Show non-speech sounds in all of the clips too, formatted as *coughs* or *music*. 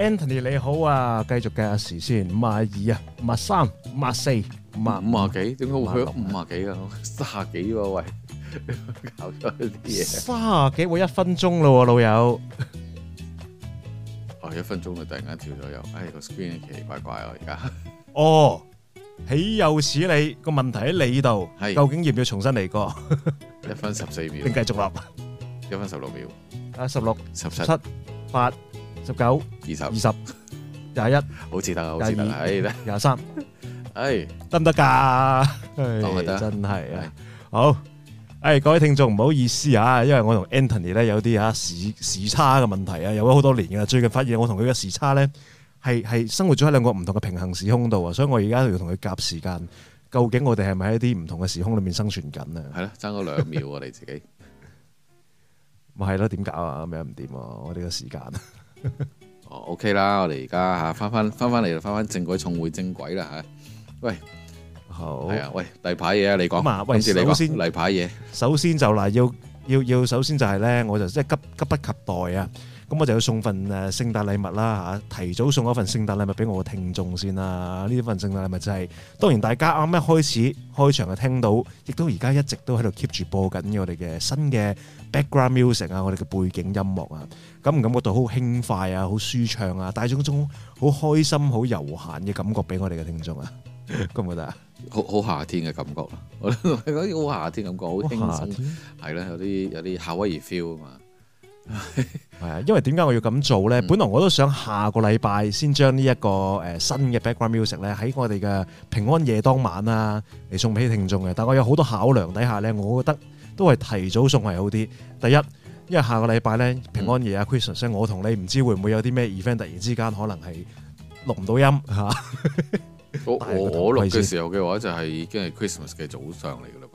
Anthony 你好啊，繼續計下時先，五十二啊，五十三，五十四，五十五，五十幾，點解會去咗五十幾啊？卅幾喎，喂，搞咗啲嘢。卅幾，我一分鐘咯，老友。啊，一分鐘啦，突然間跳咗又，哎，個 screen 奇奇怪怪啊，而家。哦，豈有此理？個問題喺你度，係，究竟要唔要重新嚟過？一分十四秒。你繼續落。一分十六秒。啊，十六，十七，八。十九、二十、二十、廿一，好似得，好似得，廿二咧，廿三，哎，得唔得噶？真係，好，哎，各位聽眾唔好意思啊，因為我同 Anthony 咧有啲啊時時差嘅問題啊，有咗好多年噶，最近發現我同佢嘅時差咧係係生活咗喺兩個唔同嘅平行時空度啊，所以我而家要同佢夾時間，究竟我哋係咪喺一啲唔同嘅時空裏面生存緊啊？係咧，爭咗兩秒啊，你自己，咪係咯？點搞啊？咁樣唔掂啊！我呢個時間。哦，OK 啦，我哋而家吓翻翻翻翻嚟啦，翻翻正軌，重回正軌啦吓。喂，好係啊，喂，例牌嘢啊，你講，喂，首先例牌嘢，首先就嗱，要要要，首先就係咧，我就即係急急不及待啊。咁我就要送份誒聖誕禮物啦嚇，提早送一份聖誕禮物俾我嘅聽眾先啦！呢份聖誕禮物就係當然大家啱啱開始開場嘅聽到，亦都而家一直都喺度 keep 住播緊嘅我哋嘅新嘅 background music 啊，我哋嘅背景音樂啊，感唔感覺到好輕快啊，好舒暢啊，帶種種好開心、好悠閒嘅感覺俾我哋嘅聽眾啊？覺唔覺得啊？好好夏天嘅感覺咯，我覺得好夏天感覺，好輕鬆，係啦，有啲有啲夏威夷 feel 啊嘛～係啊， *laughs* 因為點解我要咁做咧？嗯、本來我都想下個禮拜先將呢一個誒新嘅 background music 咧，喺我哋嘅平安夜當晚啊嚟送俾聽眾嘅。但我有好多考量底下咧，我覺得都係提早送係好啲。第一，因為下個禮拜咧平安夜啊、嗯、Christmas，所以我同你唔知會唔會有啲咩 event 突然之間可能係錄唔到音吓。我 *laughs* 我錄嘅時候嘅話就係已經係 Christmas 嘅早上嚟噶啦。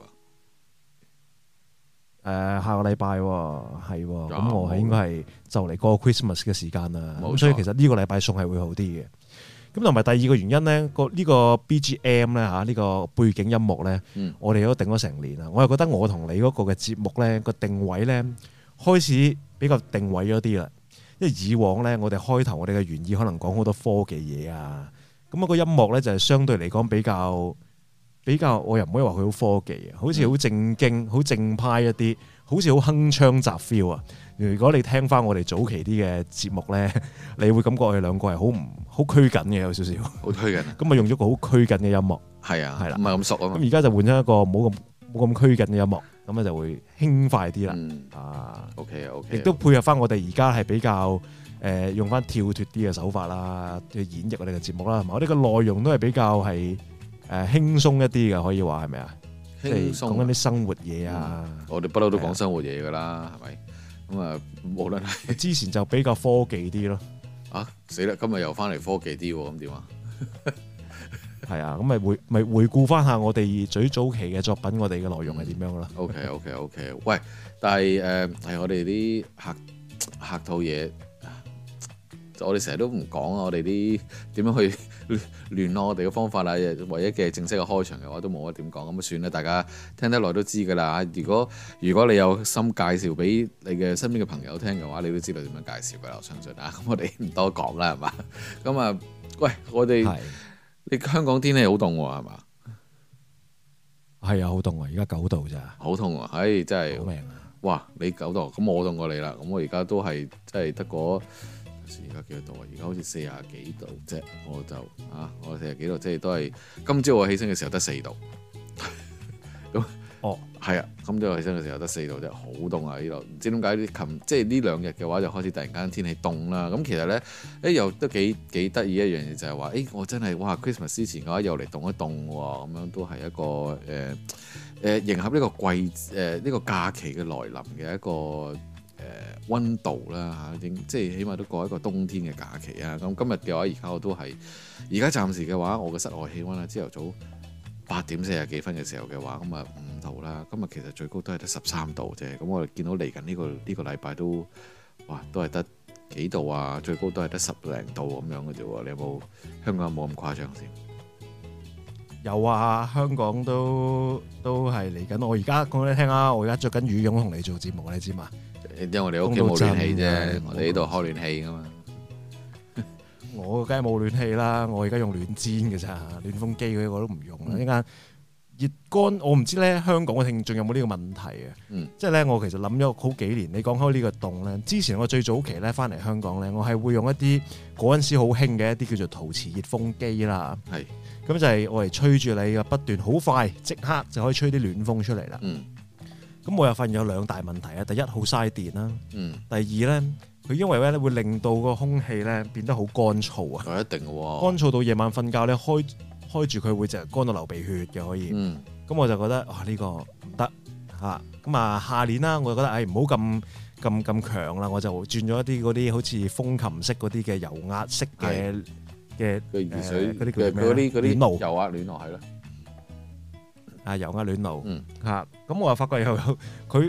誒下個禮拜喎，係喎，咁、嗯、我係應該係就嚟過 Christmas 嘅時間啦，咁冇錯、所以其實呢個禮拜送係會好啲嘅。咁同埋第二個原因咧，個呢個 BGM 咧嚇，呢個背景音樂咧、嗯，我哋都定咗成年啦。我又覺得我同你嗰個嘅節目咧個定位咧，開始比較定位咗啲啦。因為以往咧，我哋開頭我哋嘅原意可能講好多科技嘢啊，咁、嗰、啊個音樂咧就係相對嚟講比較。比較，我又唔可以話佢好科技啊，好似好正經、好、嗯、正派一啲，好似好鏗鏘集 feel 啊！如果你聽翻我哋早期啲嘅節目咧，你會感覺佢哋兩個係好唔好拘謹嘅，有少少。好 *laughs* 拘謹。咁啊，用咗個好拘謹嘅音樂。係啊，係啦了，唔係咁熟啊嘛。咁而家就換咗一個冇咁冇咁拘謹嘅音樂，咁咧就會輕快啲啦。啊、嗯、OK OK。亦都配合翻我哋而家係比較誒、呃、用翻跳脫啲嘅手法啦，嘅演繹我哋嘅節目啦，係嘛？我哋嘅內容都係比較係。誒輕鬆一啲嘅，可以話係咪啊？即係講緊啲生活嘢啊！我哋不嬲都講生活嘢㗎啦，係咪的？咁啊的，無論係之前就比較科技啲咯。啊死啦！今日又翻嚟科技啲喎，咁點啊？係 *laughs* 啊，咁咪回咪回顧翻下我哋最早期嘅作品，我哋嘅內容係點樣㗎啦、嗯、？OK OK OK。 *laughs* 喂，但係誒係我哋啲客客套嘢。我哋成日都唔講啊！我哋啲點樣去聯絡我哋嘅方法啦？唯一嘅正式嘅開場嘅話都冇乜點講，咁啊算啦！大家聽得耐都知㗎啦。如果如果你有心介紹俾你嘅身邊嘅朋友聽嘅話，你都知道點樣介紹㗎啦。我相信啊，咁我哋唔多講啦，係嘛？咁啊，喂，我哋是你香港天氣好凍係嘛？係啊，好凍啊！而家九度咋？好凍啊！唉、哎，真係、啊、哇！你九度，咁我凍過你啦。咁我而家都係真係得個。而家幾多度啊？而家好似四啊幾度啫，我就啊，我四啊幾度啫。即係都係今朝我起身嘅時候得四度，咁 *laughs* 那哦，係啊，今朝我起身嘅時候得四度啫，好凍啊！呢度唔知點解，琴即係呢兩日嘅話就開始突然間天氣凍啦。咁其實咧，誒、欸、又都幾幾得意一樣嘢就係、是欸、話，誒我真係哇 Christmas 之前嘅話又嚟凍一凍喎、啊，咁樣都係一個誒誒、呃呃、迎合呢個季誒呢個假期嘅來臨嘅一個。誒，溫度啦吓，影即係起碼都過一個冬天嘅假期啊。咁今日嘅話，而家我都係而家暫時嘅話，我嘅室外氣溫咧，朝頭早八點四十幾分嘅時候嘅話，咁啊五度啦。今日其實最高都係得十三度啫。咁我哋見到嚟緊呢個呢個禮拜都哇，都係得幾度啊？最高都係得十零度咁樣嘅啫。你有冇香港有冇咁誇張先？有啊，香港都都係嚟緊。我而家講俾你聽啊，我而家着緊羽絨同你做節目，你知嘛？因為我哋屋企冇暖氣啫，我哋呢度開暖氣噶嘛。我梗係冇暖氣啦，我而家用暖氈噶咋，暖風機嗰啲我都唔用啦。一間熱乾，我唔知咧香港嘅聽眾有冇呢個問題啊？嗯，即係咧，我其實諗咗好幾年。你講開呢個凍咧，之前我最早期咧翻嚟香港咧，我係會用一啲嗰陣時好興嘅一啲叫做陶瓷熱風機啦。係，咁就係我嚟吹住你嘅不斷，好快即刻就可以吹啲暖風出嚟啦。嗯。咁我又發現有兩大問題啊！第一好嘥電啦，第二咧佢因為咧會令到個空氣咧變得好乾燥啊！一定嘅，乾燥到夜晚瞓覺咧開開住佢會淨係乾到流鼻血嘅可以。咁、嗯、我就覺得哇呢、啊呢個唔得嚇。咁啊下年啦，我就覺得唉唔好咁咁咁強啦，我就轉咗一啲嗰啲好似風琴式嗰啲嘅油壓式嘅嘅熱水嗰啲嗰啲嗰啲油壓暖落去。咯、嗯。啊油壓暖爐嚇，咁、嗯嗯、我又發覺佢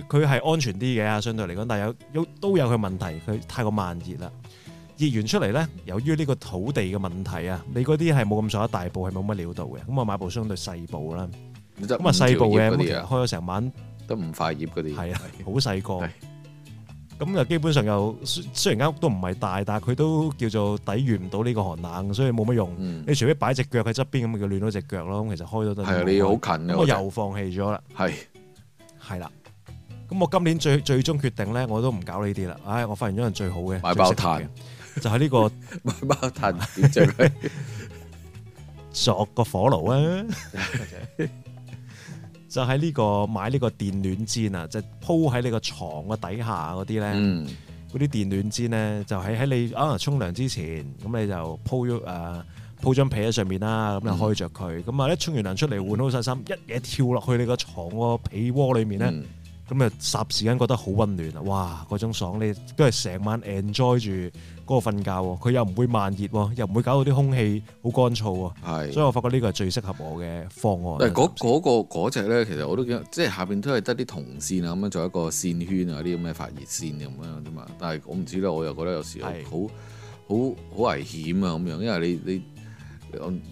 佢係安全啲嘅啊，相對嚟講，但係有都有佢問題，佢太過慢熱啦。熱完出嚟咧，由於呢個土地嘅問題啊，你嗰啲係冇咁上下大部，係冇乜料到嘅。咁啊買部相對細部啦，咁啊細部嘅開咗成晚都唔快熱嗰啲，係啊好細個。的咁就基本上又雖然間屋都唔係大，但係佢都叫做抵禦唔到呢個寒冷，所以冇乜用。你除非擺隻腳喺側邊咁，叫暖到隻腳咯。咁其實開咗都係。係啊，你要好近嘅。咁我又放棄咗啦。係係啦，咁我今年最最終決定咧，我都唔搞呢啲啦。唉，我發現咗人最好嘅，買包炭，就喺呢個買包炭，就做個火爐啊。就喺呢、這個買呢個電暖氈，就是嗯就是、啊，就鋪喺你個床嘅底下嗰啲咧，嗰啲電暖氈咧就喺喺你啊沖涼之前，咁你就鋪咗誒、啊、鋪張被喺上面啦，咁、嗯、就開着佢，咁啊一沖完涼出嚟換好晒衫，一嘢跳落去你個床個被窩裡面咧。嗯嗯咁啊！霎時間覺得好溫暖啊！哇！嗰種爽咧，都係成晚 enjoy 住嗰個瞓覺喎。佢又唔會慢熱喎，又唔會搞到啲空氣好乾燥喎。係是，所以我發覺呢個係最適合我嘅方案。但係嗰隻咧，其實我都見，即係下邊都係得啲銅線啊，咁樣做一個線圈啊，啲咁嘅發熱線咁樣啫嘛。但係我唔知咧，我又覺得有時係好好好危險啊咁樣，因為你你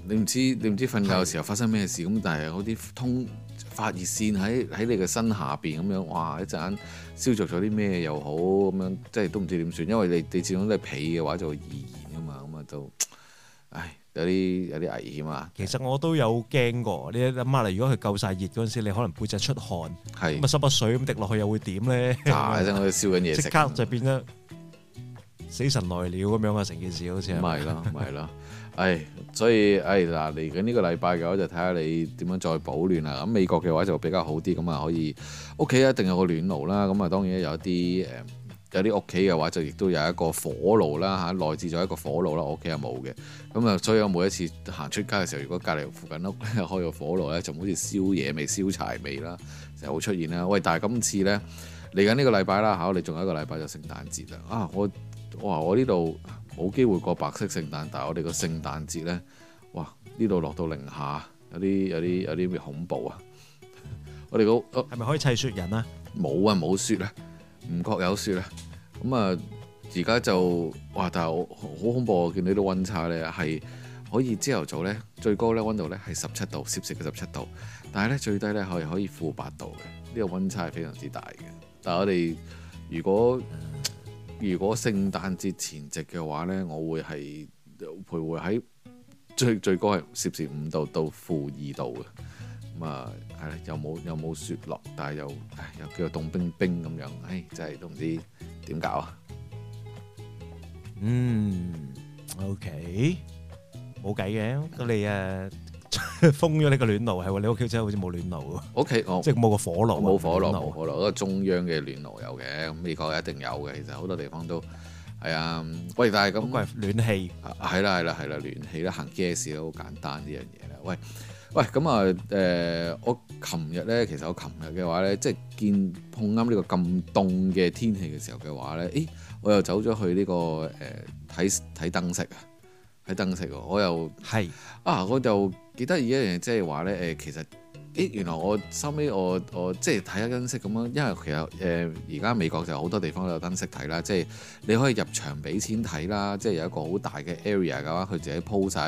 你唔知你唔知瞓覺嘅時候發生咩事咁，是但係嗰啲通。發熱線喺喺你嘅身下邊咁樣，哇！一陣間燒著咗啲咩又好咁樣，即係都唔知點算，因為你你始終都係皮嘅話就會易燃噶嘛，咁啊就，唉，有啲有啲危險啊！其實我都有驚過，你諗下啦，如果佢夠晒熱嗰陣時，你可能背脊出汗，係咁啊濕筆水咁滴落去又會點咧？我喺度燒緊嘢，即刻就變咗死神來了咁樣啊！成件事好似唔係啦，唔 *laughs* 唉，所以唉嗱，嚟緊呢個禮拜嘅話就睇下你點樣再保暖啦。咁美國嘅話就比較好啲，咁啊可以屋企一定有個暖爐啦。咁啊當然有啲誒、呃、有啲屋企嘅話就亦都有一個火爐啦吓，內置咗一個火爐啦、啊。我屋企又冇嘅，咁啊所以我每一次行出街嘅時候，如果隔離附近屋咧開個火爐咧，就好似燒嘢味、燒柴味啦，成日會出現啦、啊。喂，但係今次咧嚟緊呢個禮拜啦吓，我哋仲有一個禮拜就聖誕節啦。啊，我啊我話我呢度。啊冇機會過白色聖誕，但係我哋個聖誕節咧，哇！呢度落到零下，有啲有啲有啲咩恐怖啊！我哋、嗰個係咪、啊、可以砌雪人啊？冇啊，冇雪啦、啊，唔覺有雪啦。咁啊，而、嗯、家就哇！但係好好恐怖啊，見到啲溫差咧係可以朝頭早咧最高咧溫度咧係十七度，攝氏嘅十七度，但係咧最低咧係可以負八度嘅。呢、呢個溫差係非常之大嘅。但係我哋如果如果聖誕節前夕嘅話咧，我會係徘徊喺最最高係攝氏五度到負二度嘅，咁啊係啦，又冇又冇雪落，但係又又叫凍冰冰咁樣，唉，真係都唔知點搞啊！嗯，OK，冇計嘅，咁你啊～封咗呢個暖爐，係你屋企真係好似冇暖爐喎。O K，即係冇個火爐，冇火爐，冇火爐。個中央嘅暖爐有嘅，咁美國一定有嘅。其實好多地方都係啊。喂，但係咁，暖氣係啦係啦係啦，暖氣啦，行 K S 啦，好簡單呢樣嘢啦。喂喂，咁啊誒，我琴日咧，其實我琴日嘅話咧，即係見碰啱呢個咁凍嘅天氣嘅時候嘅話咧，誒，我又走咗去呢個誒睇睇燈飾啊，睇燈飾，我又係啊，我就。記得一樣嘢，即係話咧，誒，其實，咦，原來我收尾我我即係睇下燈飾咁樣，因為其實誒而家美國就好多地方都有燈飾睇啦，即係你可以入場俾錢睇啦，即係有一個好大嘅 area 嘅話，佢自己鋪晒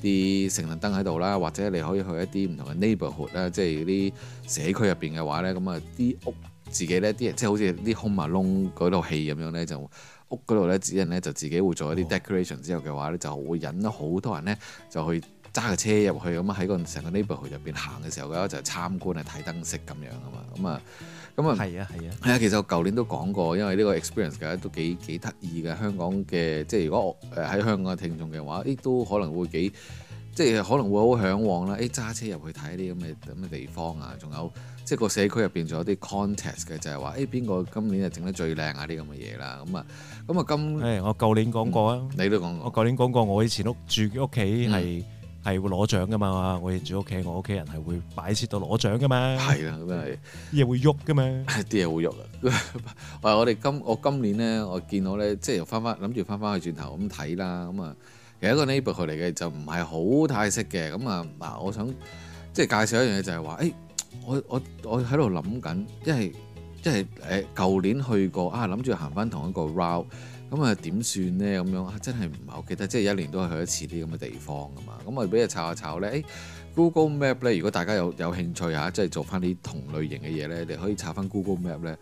啲成列燈喺度啦，或者你可以去一啲唔同嘅 neighborhood 啦，即係啲社區入邊嘅話咧，咁啊啲屋自己咧啲即係好似啲 home alone 嗰套戲咁樣咧，就屋嗰度咧，主人咧就自己會做一啲 decoration 之後嘅話咧，就會引好多人咧就去。揸個車入去咁啊，喺個成個 neighborhood 入邊行嘅時候，嗰陣就參觀啊、睇燈飾咁樣啊嘛，咁啊，咁啊，係啊係啊，係啊，其實我舊年都講過，因為呢個 experience 嘅都幾幾得意嘅。香港嘅即係如果誒喺香港嘅聽眾嘅話，誒都可能會幾即係可能會好向往啦。誒揸車入去睇啲咁嘅咁嘅地方啊，仲有即係個社區入邊仲有啲 contest 嘅，就係話誒邊個今年係整得最靚啊啲咁嘅嘢啦。咁啊咁啊今誒我舊年講過啊，你都講過，我舊年講過，嗯，過，過，我以前屋住嘅屋企係。嗯係會攞獎噶嘛？我認住屋企，我屋企人係會擺設到攞獎噶嘛？係啦的，咁係啲嘢會喐噶嘛？啲嘢會喐啊！我我哋今我今年咧，我見到咧，即係又翻翻，諗住翻翻去轉頭咁睇啦。咁、嗯、啊，其實一個 newbie 嚟嘅，就唔係好太識嘅。咁啊，嗱，我想即係介紹一樣嘢，就係、是、話，誒、欸，我我我喺度諗緊，即係即係誒，舊年去過啊，諗住行翻同一個 route。咁啊點算呢？咁樣啊真係唔係好記得，即係一年都係去一次啲咁嘅地方㗎嘛。咁啊俾你查下查呢，誒 Google Map 呢，如果大家有有興趣嚇、啊，即係做翻啲同類型嘅嘢呢，你可以查翻 Google Map 呢。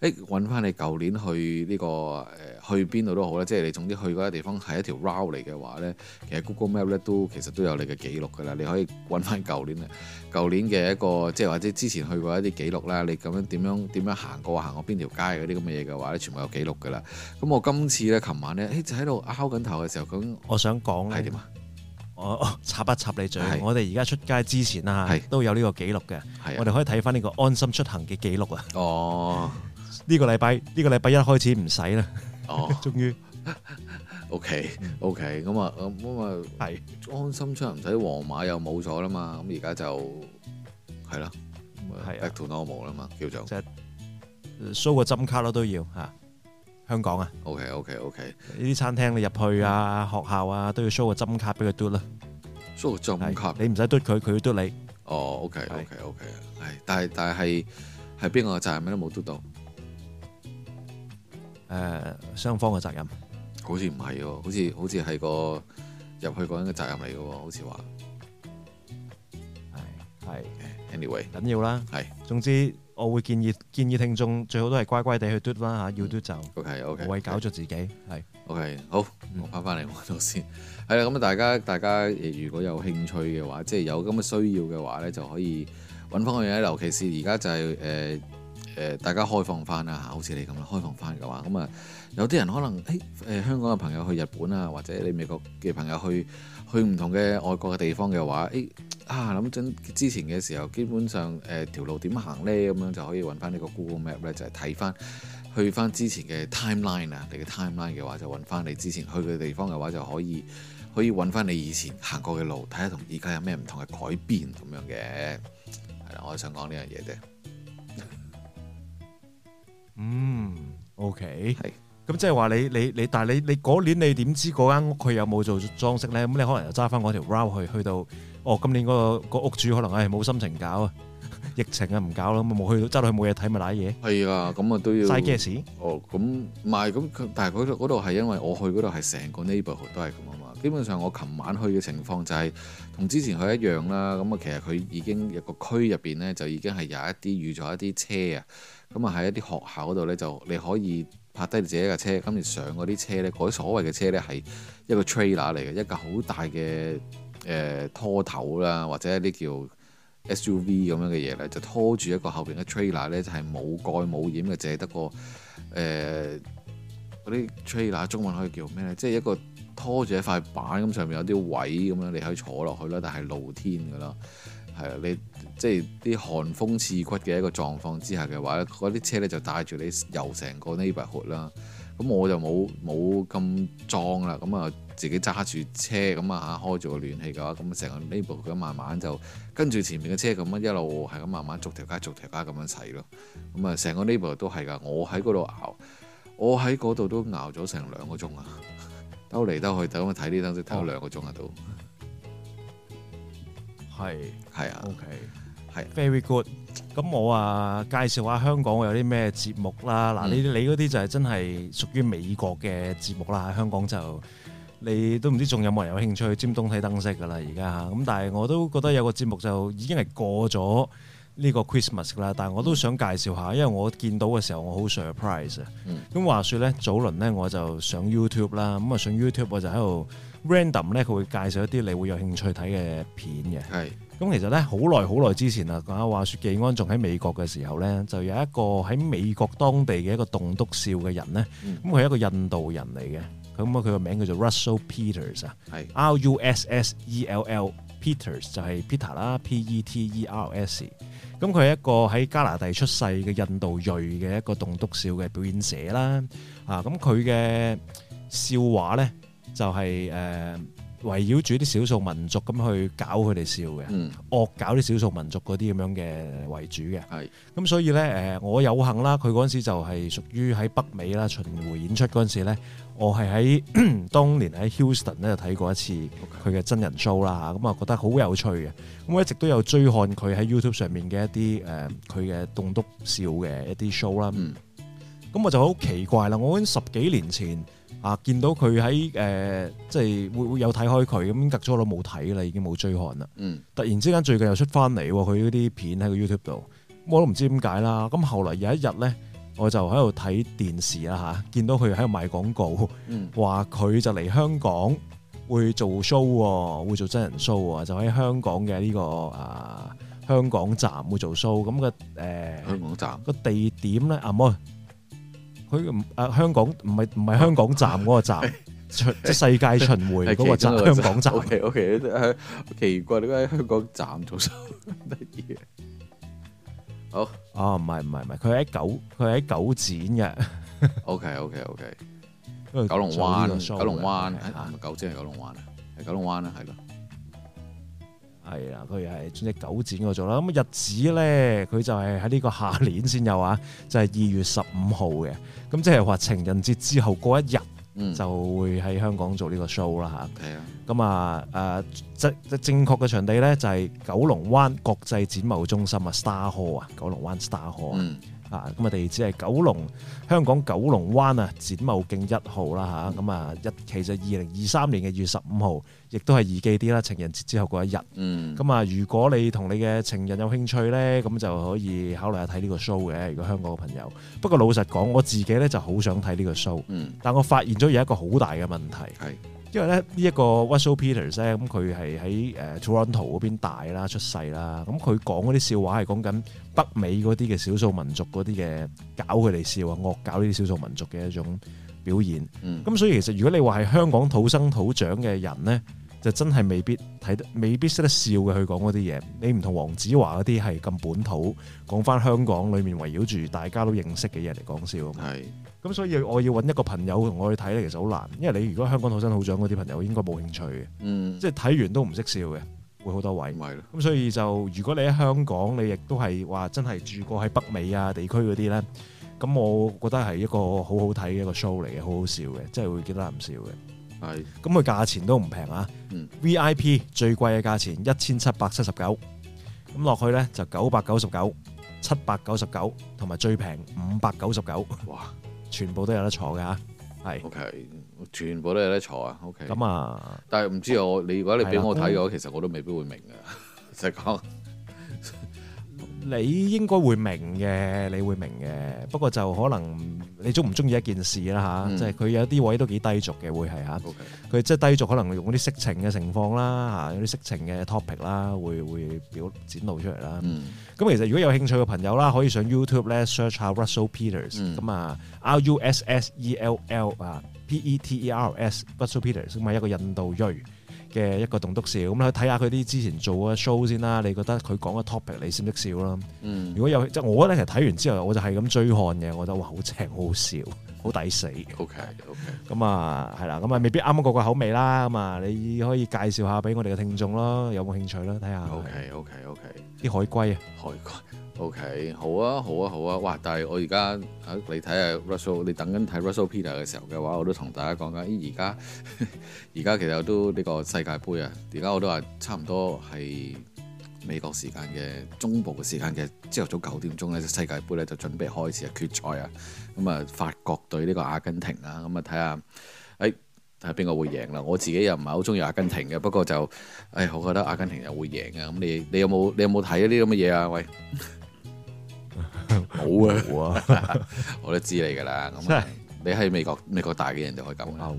誒揾翻你舊年去呢、呢個誒去邊度都好啦。即係你總之去嗰啲地方係一條 route 嚟嘅話咧，其實 Google Map 咧都其實都有你嘅記錄㗎啦。你可以揾翻舊年啊，舊年嘅一個即係或者之前去過一啲記錄啦。你咁樣點樣點樣行過行過邊條街嗰啲咁嘅嘢嘅話咧，全部有記錄㗎啦。咁我今次咧，琴晚咧、欸，就喺度拗緊頭嘅時候，咁我想講咧係點啊？插一插你嘴？是我哋而家出街之前啦、啊、是都有呢個記錄嘅。的我哋可以睇翻呢個安心出行嘅記錄啊。哦。Oh. 呢個禮拜呢、呢個禮拜一開始唔使啦，哦，終於 *laughs* ，OK OK，咁啊咁啊係安心出，唔使黃碼又冇咗啦嘛，咁而家就係咯，係啊，back to normal 啦嘛叫做，收個針卡咯都要、啊，香港啊，OK OK OK，呢啲餐廳你入去啊，學校啊都要收個針卡俾佢 do 啦，收個針卡，你唔使嘟佢，佢要 do 你，哦 OK OK OK，係、okay.，但係但係係邊個責任都冇嘟到。誒、呃，雙方嘅責任，好似唔係喎，好似好似係個入去嗰陣嘅責任嚟嘅喎，好似話，係係，anyway 緊要啦，係是，總之我會建議建議聽眾最好都係乖乖哋去嘟啦嚇，要嘟就，OK OK，搞咗自己，係 OK，好，okay. 我翻返嚟我度先，係 *laughs* 啦、嗯，咁啊 *laughs* *laughs* 大家大家如果有興趣嘅話，即係有咁嘅需要嘅話咧，就可以揾翻我哋，尤其是而家就係誒、就是。呃呃誒，大家開放翻啊！好似你咁樣，開放翻嘅話，咁啊，有啲人可能誒，誒、哎、香港嘅朋友去日本啊，或者你美國嘅朋友去去唔同嘅外國嘅地方嘅話，誒、哎、啊，諗準之前嘅時候，基本上誒、呃、條路點行呢？咁樣就可以揾翻你個 Google Map 咧，就係睇翻去翻之前嘅 timeline 啊，你嘅 timeline 嘅話就揾翻你之前去嘅地方嘅話，就可以可以揾翻你以前行過嘅路，睇下同而家有咩唔同嘅改變咁樣嘅，係啦，我係想講呢樣嘢啫。嗯，OK，係，咁即係話你你你，但係你你嗰年你點知嗰間屋佢有冇做裝飾咧？咁你可能又揸翻嗰條 route 去去到，哦，今年嗰個個屋主可能係冇心情搞啊，疫情啊唔搞咯，咁冇去到，揸落去冇嘢睇咪瀨嘢。係啊，咁啊都要。嘥 gas 哦，咁唔係咁，但係佢嗰度係因為我去嗰度係成個 neighborhood 都係咁啊嘛。基本上我琴晚去嘅情況就係同之前佢一樣啦。咁啊，其實佢已經有一個區入邊咧就已經係有一啲預咗一啲車啊。咁啊喺一啲學校嗰度呢，就你可以拍低你自己架車，跟住上嗰啲車呢，嗰啲所謂嘅車呢，係一個 trailer 嚟嘅，一架好大嘅誒、呃、拖頭啦，或者一啲叫 SUV 咁樣嘅嘢呢，就拖住一個後邊嘅 trailer 咧，就係冇蓋冇掩嘅，淨、呃、係得個誒嗰啲 trailer，中文可以叫咩呢？即係一個拖住一塊板咁，上面有啲位咁樣，你可以坐落去啦，但係露天噶啦，係啊你。即係啲寒風刺骨嘅一個狀況之下嘅話，嗰啲車咧就帶住你遊成個 neighborhood 啦。咁我就冇冇咁壯啦。咁啊，就自己揸住車咁啊，開住個暖氣嘅話，咁成個 neighborhood 慢慢就跟住前面嘅車咁啊，一路係咁慢慢逐條街逐條街咁樣洗咯。咁啊，成個 neighborhood 都係噶，我喺嗰度熬，我喺嗰度都熬咗成兩個鐘、哦、是啊，兜嚟兜去等我睇呢燈飾睇咗兩個鐘啊都。係。係啊。O K。Very good，咁我啊介紹下香港有啲咩節目啦。嗱、嗯啊，你你嗰啲就係真係屬於美國嘅節目啦。香港就你都唔知仲有冇人有興趣去尖東睇燈飾噶啦，而家嚇。咁但係我都覺得有個節目就已經係過咗呢個 Christmas 啦。但係我都想介紹下，因為我見到嘅時候我好 surprise。咁、嗯啊、話說咧，早輪咧我就上 YouTube 啦。咁、嗯、啊上 YouTube 我就喺度 random 咧，佢會介紹一啲你會有興趣睇嘅片嘅。係。咁其實咧，好耐好耐之前啊，講下話說技安仲喺美國嘅時候咧，就有一個喺美國當地嘅一個棟篤笑嘅人咧，咁佢係一個印度人嚟嘅，咁啊佢個名叫做 Russell Peters 啊，係 R U S S E L L Peters 就係 Peter 啦，P E T E R S，咁佢係一個喺加拿大出世嘅印度裔嘅一個棟篤笑嘅表演者啦，啊咁佢嘅笑話咧就係誒。圍繞住啲少數民族咁去搞佢哋笑嘅，嗯、惡搞啲少數民族嗰啲咁樣嘅為主嘅。係咁是，所以咧誒，我有幸啦，佢嗰陣時就係屬於喺北美啦巡迴演出嗰陣時咧，我係喺 *coughs* 當年喺 Houston 咧就睇過一次佢嘅真人 show 啦嚇，咁、嗯、啊、嗯、覺得好有趣嘅。咁我一直都有追看佢喺 YouTube 上面嘅一啲誒佢嘅棟篤笑嘅一啲 show 啦。咁、嗯、我就好奇怪啦，我諗十幾年前。啊！見到佢喺誒，即係會會有睇開佢咁，隔咗好耐冇睇啦，已經冇追看啦。嗯，突然之間最近又出翻嚟喎，佢嗰啲片喺個 YouTube 度，我都唔知點解啦。咁、啊、後來有一日咧，我就喺度睇電視啦嚇、啊，見到佢喺度賣廣告，話佢、嗯、就嚟香港會做 show，會做真人 show、這個、啊，就喺香港嘅呢個啊香港站會做 show，咁嘅誒，呃、香港站個地點咧，阿、啊、摩。佢啊，香港唔係，唔係香港站嗰個站，即世界巡迴嗰個站，香港站。O K O K，奇怪你喺香港站做收得意嘅。好啊，唔係唔係唔係，佢喺九佢喺九展嘅。O K O K O K，因為九龍灣九龍灣九展係九龍灣啊，係九龍灣啦，係咯。係啊，佢係專隻九展嗰種啦。咁日子咧，佢就係喺呢個下年先有啊，就係、是、二月十五號嘅。咁即係話情人節之後嗰一日，就會喺香港做呢個 show 啦嚇、嗯。係啊。咁啊誒，正正確嘅場地咧就係、是、九龍灣國際展貿中心啊，Star Hall 啊，九龍灣 Star Hall 啊、嗯。啊，咁啊，地址係九龍香港九龍灣啊展貿徑一號啦，吓咁啊一其實二零二三年嘅二月十五號，亦都係易記啲啦，情人節之後嗰一日。嗯，咁啊，如果你同你嘅情人有興趣呢，咁就可以考慮下睇呢個 show 嘅。如果香港嘅朋友，不過老實講，我自己呢就好想睇呢個 show。嗯，但我發現咗有一個好大嘅問題係。嗯因為咧呢一個 Russell Peters 咧，咁佢係喺誒 Toronto 嗰邊大啦，出世啦，咁佢講嗰啲笑話係講緊北美嗰啲嘅少數民族嗰啲嘅，搞佢哋笑啊，惡搞呢啲少數民族嘅一種表現。咁、嗯、所以其實如果你話係香港土生土長嘅人咧，就真係未必睇得，未必識得笑嘅。佢講嗰啲嘢，你唔同黃子華嗰啲係咁本土講翻香港裏面圍繞住大家都認識嘅嘢嚟講笑。係。咁所以我要揾一個朋友同我去睇咧，其實好難。因為你如果香港好新好長嗰啲朋友應該冇興趣嘅，嗯、即係睇完都唔識笑嘅，會好多位。咁的所以就如果你喺香港，你亦都係話真係住過喺北美啊地區嗰啲咧，咁我覺得係一個好好睇嘅一個 show 嚟嘅，好好笑嘅，即係會見得唔少嘅。係的。咁佢價錢都唔平啊。嗯、VIP 最貴嘅價錢一千七百七十九，咁落去咧就九百九十九、七百九十九，同埋最平五百九十九。哇！全部都有得坐㗎，係 OK，全部都有得坐啊，OK，咁啊，但係唔知我你如果你俾我睇嘅話，的其實我都未必會明嘅，就係講。 *laughs* 你應該會明嘅，你會明嘅。不過就可能你鍾唔鍾意一件事啦嚇，即係佢有啲位都幾低俗嘅，會係嚇。佢即係低俗，可能用嗰啲色情嘅情況啦嚇，有啲色情嘅 topic 啦，會會表展露出嚟啦。咁其實如果有興趣嘅朋友啦，可以上 YouTube 咧 search 下 Russell Peters，咁啊 R U S S E L L 啊 P E T E R S Russell Peters，咪一個印度裔。嘅一個棟篤笑，咁去睇下佢啲之前做嘅 show 先啦。你覺得佢講嘅 topic 你識唔識笑啦？嗯，如果有即係我咧，其實睇完之後我就係咁追看嘅。我就覺得哇，好正，好笑，好抵死。OK，OK okay, okay. *laughs* 嗯。咁、嗯、啊，係啦，咁、嗯、啊未必啱個個口味啦。咁啊，你可以介紹下俾我哋嘅聽眾啦，有冇興趣啦？睇下。OK，OK，OK。啲海龜啊，海龜。O、okay, K，好啊，好啊，好啊，哇！但係我而家啊，你睇下 Russell 你等緊睇 Russell Peter 嘅時候嘅話，我都同大家講緊，而家而家其實都呢、這個世界盃啊，而家我都話差唔多係美國時間嘅中部嘅時間嘅朝頭早九點鐘咧，世界盃咧就準備開始啊決賽啊，咁啊法國隊對呢個阿根廷啊，咁啊睇下誒睇下邊個會贏啦？我自己又唔係好中意阿根廷嘅，不過就誒、哎、我覺得阿根廷又會贏啊！咁你你有冇你有冇睇啲咁嘅嘢啊？喂！冇啊！我都知你噶啦。咁你喺美國美國大嘅人就可以咁啦。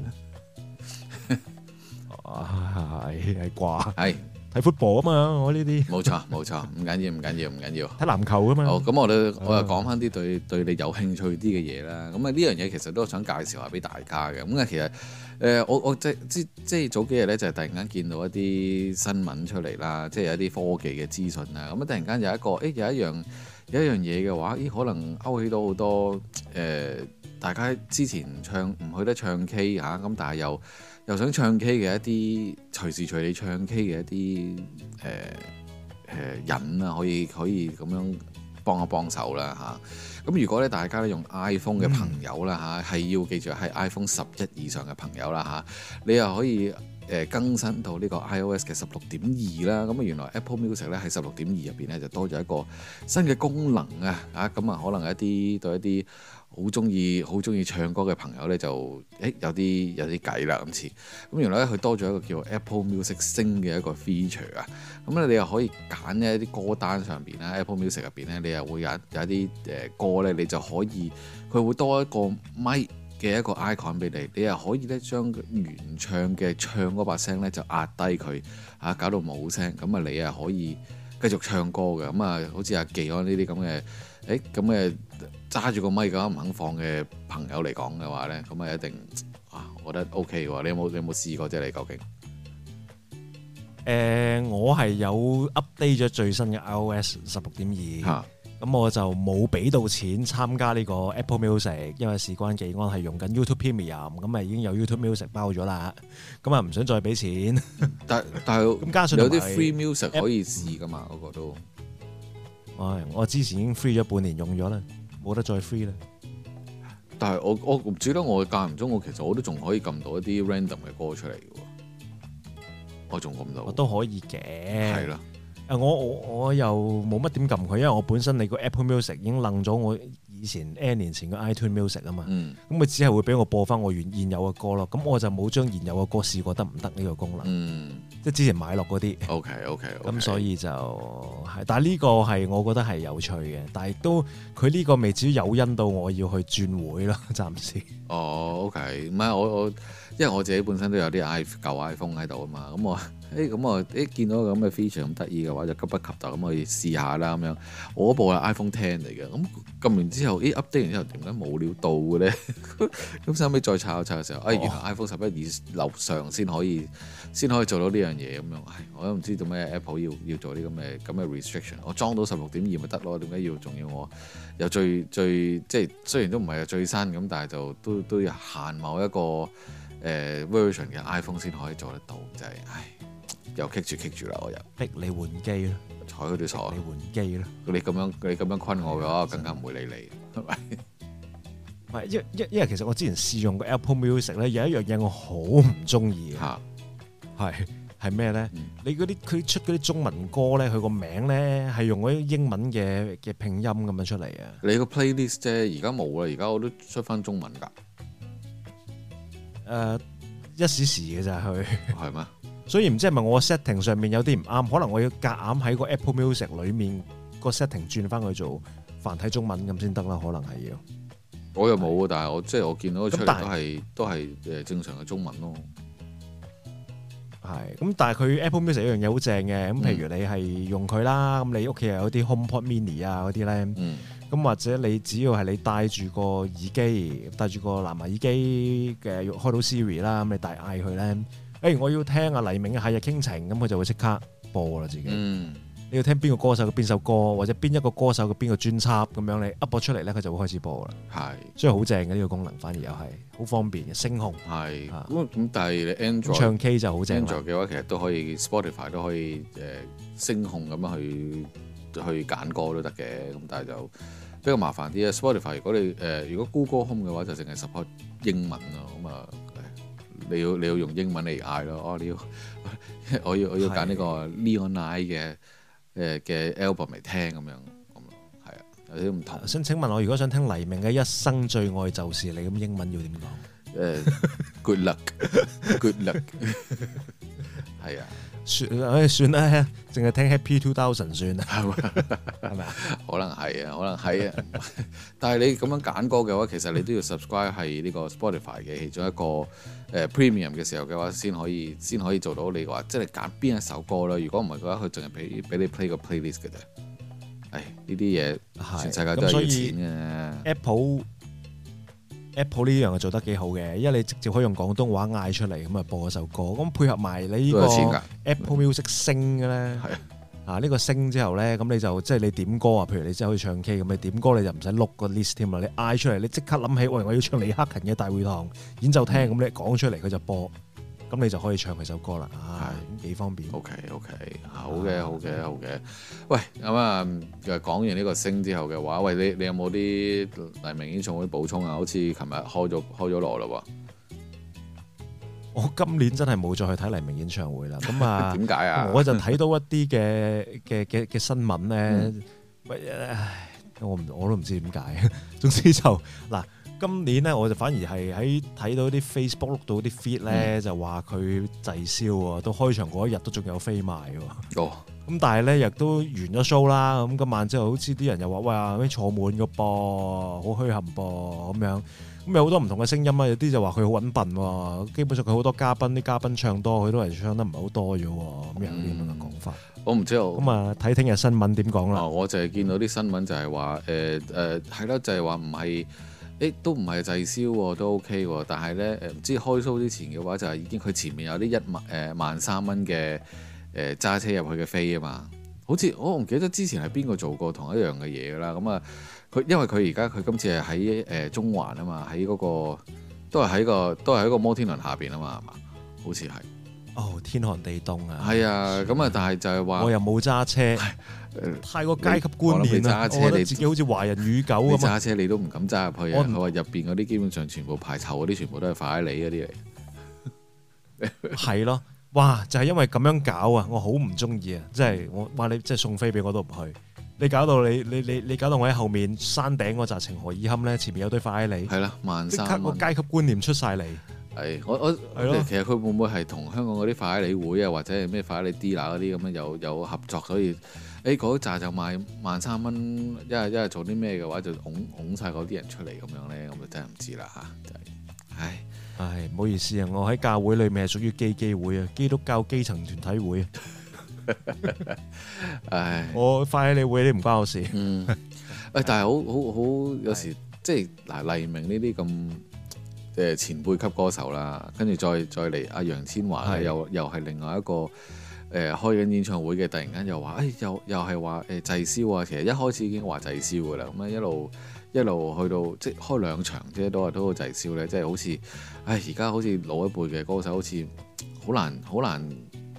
係係掛係睇 football 啊嘛，我呢啲冇錯冇錯，唔緊要唔緊要唔緊要。睇籃球啊嘛。哦，咁我哋我又講翻啲對對你有興趣啲嘅嘢啦。咁啊呢樣嘢其實都係想介紹下俾大家嘅。咁啊其實誒，我我即即即早幾日咧就突然間見到一啲新聞出嚟啦，即係有一啲科技嘅資訊啦。咁啊突然間有一個誒有一樣。有一樣嘢嘅話，咦？可能勾起到好多誒、呃，大家之前唱唔去得唱 K 嚇、啊，咁但係又又想唱 K 嘅一啲隨時隨地唱 K 嘅一啲誒、呃呃、人啊，可以可以咁樣幫一幫手啦嚇。咁、啊、如果咧，大家咧用 iPhone 嘅朋友啦嚇，係、嗯啊、要記住係 iPhone 十一以上嘅朋友啦嚇、啊，你又可以。誒更新到呢個 iOS 嘅十六點二啦，咁啊，原來 Apple Music 咧喺十六點二入邊咧就多咗一個新嘅功能啊！嚇咁啊，可能一啲對一啲好中意好中意唱歌嘅朋友咧就誒有啲有啲計啦，咁似咁，原來咧佢多咗一個叫 Apple Music Sing 嘅一個 feature 啊！咁咧，你又可以揀一啲歌單上邊咧 Apple Music 入邊咧你又會有一有一啲誒歌咧你就可以佢會多一個麥。嘅一個 icon 俾你，你又可以咧將原唱嘅唱嗰把聲咧就壓低佢，嚇搞到冇聲，咁啊你啊可以繼續唱歌嘅，咁啊好似阿技安呢啲咁嘅，誒咁嘅揸住個咪咁唔肯放嘅朋友嚟講嘅話咧，咁啊一定啊，我覺得 OK 喎，你有冇你有冇試過啫？你究竟？誒、呃，我係有 update 咗最新嘅 iOS 十六點二吓。咁我就冇俾到錢參加呢個 Apple Music，因為事關技安係用緊 YouTube Premium，咁咪已經有 YouTube Music 包咗啦。咁啊唔想再俾錢。但但係 *laughs* 有啲 free music 可以試噶嘛？我覺得。唉、嗯，我之前已經 free 咗半年用咗啦，冇得再 free 啦。但係我我唔知得我間唔中我其實我都仲可以撳到一啲 random 嘅歌出嚟喎，我仲撳到。我都可以嘅。係咯。啊！我我又冇乜點撳佢，因為我本身你個 Apple Music 已經楞咗我以前 N 年前個 iTunes Music 啊嘛，咁佢只係會俾我播翻我現有我有現有嘅歌咯。咁我就冇將現有嘅歌試過得唔得呢個功能，嗯、即係之前買落嗰啲。OK OK，咁、okay. 嗯、所以就係，但係呢個係我覺得係有趣嘅，但係都佢呢個未至於有因到我要去轉會咯，暫時。哦，OK，唔係我我。我因為我自己本身都有啲愛舊 iPhone 喺度啊嘛，咁我誒咁、欸、我一、欸、見到咁嘅 feature 咁得意嘅話，就急不及待咁去試下啦咁樣。我部係 iPhone Ten 嚟嘅，咁撳完之後，誒、欸、update 完之後點解冇料到嘅咧？咁使收尾再查一查嘅時候，欸、原來 iPhone 十一二以上先可以先、oh。可以做到呢樣嘢咁樣。唉，我都唔知做咩 Apple 要要做啲咁嘅咁嘅 restriction。Rest ion，我裝到十六點二咪得咯，點解要仲要我又最最即係雖然都唔係最新咁，但係就都都要限某一個。誒 version 嘅 iPhone 先可以做得到，就係，唉，又棘住棘住啦，我又逼你換機啦，睬佢都傻，你換機啦，你咁樣你咁樣困我嘅話，更加唔會理你，係咪？係，因因因為其實我之前試用過 Apple Music 咧，有一樣嘢我好唔中意嘅，係係咩咧？你嗰啲佢出嗰啲中文歌咧，佢個名咧係用嗰啲英文嘅嘅拼音咁樣出嚟嘅。你個 playlist 啫，而家冇啦，而家我都出翻中文噶。誒、uh，一時時嘅就係佢係嘛？所以唔知係咪我 setting 上面有啲唔啱，可能我要夾硬喺個 Apple Music 裏面個 setting 轉翻去做繁體中文咁先得啦。可能係要，我又冇喎。是但係我即係我見到出嚟都係是都係正常嘅中文咯。係咁，但係佢 Apple Music 一樣嘢好正嘅。咁譬如你係用佢啦，咁、嗯、你屋企有啲 HomePod Mini 啊嗰啲咧。咁或者你只要係你戴住個耳機，戴住個藍牙耳機嘅，開到 Siri 啦，咁你大嗌佢咧，誒、欸、我要聽阿黎明嘅《夏日傾情》，咁佢就會即刻播啦，自己。嗯。你要聽邊個歌手嘅邊首歌，或者邊一個歌手嘅邊個專輯咁樣你，你 Up 播出嚟咧，佢就會開始播啦。係是，所以好正嘅呢個功能，反而又係好方便嘅。聲控。係是。咁咁、啊，但係你 Android 唱 Android 唱 K 就好正 Android 嘅話，其實都可以 Spotify 都可以誒聲控咁樣去。去揀歌都得嘅，咁但係就比較麻煩啲啊。Spotify 如果你誒、呃、如果 Google Home 嘅話，就淨係 support 英文咯。咁啊，你要你要用英文嚟嗌咯。哦、啊，你要 *laughs* 我要我要揀呢個 Leonie 嘅誒嘅、呃、album 嚟聽咁樣。咁係啊，有啲唔同。想請問我，如果想聽黎明嘅《一生最愛就是你》，咁英文要點講？誒 *laughs* ，Good luck，Good luck，係 Good luck. *laughs* 啊。算，啦，淨係聽 Happy Two Thousand 算啦，係咪 *laughs* *laughs* 可能係啊，可能係啊。 *laughs* *laughs* 但係你咁樣揀歌嘅話，其實你都要 subscribe 係呢個 Spotify 嘅其中一個誒 Premium 嘅時候嘅話，先可以先可以做到你話，即係揀邊一首歌啦。如果唔係嘅話，佢仲係俾俾你 play 個 playlist 嘅啫。誒，呢啲嘢全世界都係要錢嘅。錢 Apple。Apple 呢樣係做得幾好嘅，因為你直接可以用廣東話嗌出嚟，咁啊播一首歌，咁配合埋你呢個 Apple Music 聲嘅咧，的啊呢、這個聲之後咧，咁你就即係、就是、你點歌啊，譬如你即係可以唱 K 咁，你點歌你就唔使碌個 list 添啦，你嗌出嚟，你即刻諗起，喂、哎、我要唱李克勤嘅《大會堂演奏廳》嗯，咁你講出嚟佢就播。咁你就可以唱佢首歌啦，係幾方便。OK OK，好嘅好嘅好嘅。喂，咁啊，就係講完呢個星之後嘅話，喂，你你有冇啲黎明演唱會補充啊？好似琴日開咗開咗鑼啦喎。我今年真係冇再去睇黎明演唱會啦。咁啊，點解啊？我就睇到一啲嘅嘅嘅嘅新聞咧，喂，唉，我唔我都唔知點解，總之就嗱。今年咧，我就反而係喺睇到啲 Facebook 碌到啲 feed 咧，嗯、就話佢滯銷啊，到開場嗰一日都仲有飛賣喎。咁、哦、但係咧亦都完咗 show 啦。咁今晚之後，好似啲人又話喂，坐滿個噃，好墟冚噃咁樣。咁、嗯、有好多唔同嘅聲音啊。有啲就話佢好揾笨喎。基本上佢好多嘉賓，啲嘉賓唱多，佢都係唱得唔係好多啫。咁樣啲咁嘅講法，嗯、我唔知道。咁啊，睇聽日新聞點講啦。我就係見到啲新聞就係話，誒誒係囉，就係話唔係。誒、欸、都唔係滯銷喎，都 OK 喎。但係呢，誒唔知開 show 之前嘅話就係、是、已經佢前面有啲一萬誒萬三蚊嘅誒揸車入去嘅飛啊嘛。好似、哦、我唔記得之前係邊個做過同一樣嘅嘢㗎啦。咁、嗯、啊，佢因為佢而家佢今次係喺誒中環啊嘛，喺嗰、那個都係喺個都係喺個摩天輪下邊啊嘛，係嘛？好似係。哦，天寒地凍啊！係啊，咁啊，但係就係話我又冇揸車，唉太過階級觀念啊！我，你車我覺得自己好似華人與狗咁揸車你都唔敢揸入去啊！佢話入邊嗰啲基本上全部排頭嗰啲全部都係法拉利嗰啲嚟，係 *laughs* 咯、啊？哇！就係、是、因為咁樣搞啊，我好唔中意啊！即係我哇你即係送飛俾我都唔去，你搞到你你你你搞到我喺後面山頂嗰陣情何以堪咧？前面有堆法拉利，係啦、啊，慢山啊！即刻個階級觀念出晒嚟。係，我我其實佢會唔會係同香港嗰啲快啲會啊，或者係咩快啲 d 嗰啲咁樣有有合作，所以誒嗰扎就賣萬三蚊，一係一係做啲咩嘅話就哄哄晒嗰啲人出嚟咁樣咧，我就真係唔知啦嚇、就是。唉唉，唔好意思啊，我喺教會裏面係屬於基基會啊，基督教基層團體會啊。 *laughs* 唉，我快啲會你唔關我事。嗯、但係好好好有時即係嗱黎明呢啲咁。的唉誒前輩級歌手啦，跟住再再嚟阿楊千嬅的又又係另外一個誒、呃、開緊演唱會嘅，突然間又話，誒、哎、又又係話誒滯銷啊！其實一開始已經話滯銷嘅啦，咁啊一路一路去到即係開兩場啫，都係都好滯銷咧，即係好似，唉而家好似老一輩嘅歌手，好似好難好難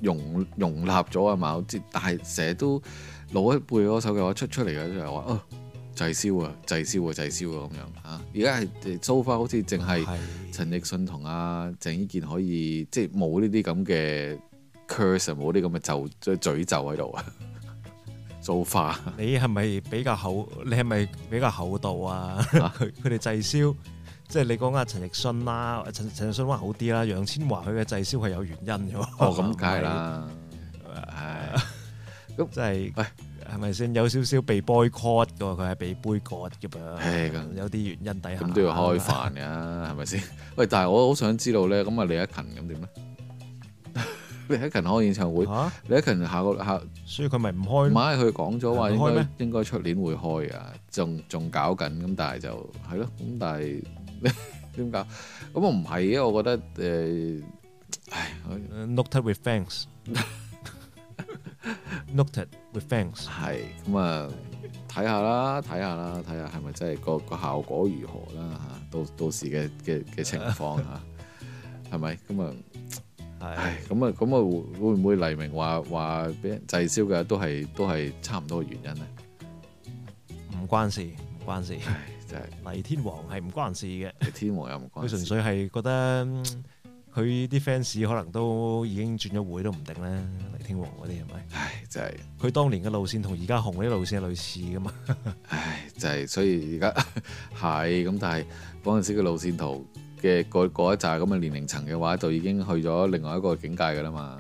容容納咗啊嘛，即係但係成日都老一輩歌手嘅話出出嚟嘅就係話，嗯。滯銷啊，滯銷啊，滯銷啊，咁樣嚇！而家係蘇化好似淨係陳奕迅同阿鄭伊健可以，即係冇呢啲咁嘅 curse 冇啲咁嘅就嘴咒喺度啊。蘇化，呵呵你係咪比較厚？你係咪比較厚道啊？佢哋、啊、 *laughs* 滯銷，即係你講阿陳奕迅啦、啊，陳陳奕迅話好啲啦、啊，楊千嬅佢嘅滯銷係有原因嘅喎、啊。哦，咁梗係啦，係咁就係。係咪先有少少被 boycott 嘅喎？佢係被杯葛嘅噃，有啲原因底下。咁都要開飯㗎，係咪先？喂，但係我好想知道咧，咁啊李克勤咁點咧？李克勤開演唱會，李克勤下個下，所以佢咪唔開咯？唔係，佢講咗話應該應該出年會開啊，仲仲搞緊咁，但係就係咯，咁但係點搞？咁我唔係嘅，我覺得誒，唉，noted with thanks。Noted with thanks。係咁啊，睇下啦，睇下啦，睇下係咪真係個個效果如何啦？吓，到到時嘅嘅嘅情況吓，係咪咁啊？係咁啊，咁啊是會唔會黎明話話俾人滯銷嘅都係都係差唔多嘅原因呢？唔關事，唔關事。唉，真係黎天王係唔關事嘅， *laughs* 天王又唔關事。佢純粹係覺得。佢啲 fans 可能都已經轉咗會都唔定啦。黎天王嗰啲係咪？唉，真係佢當年嘅路線同而家紅嗰啲路線係類似噶嘛？唉、哎，就係、係、所以而家係咁，但係嗰陣時嘅路線圖嘅過，過一陣咁嘅年齡層嘅話，就已經去咗另外一個境界噶啦嘛。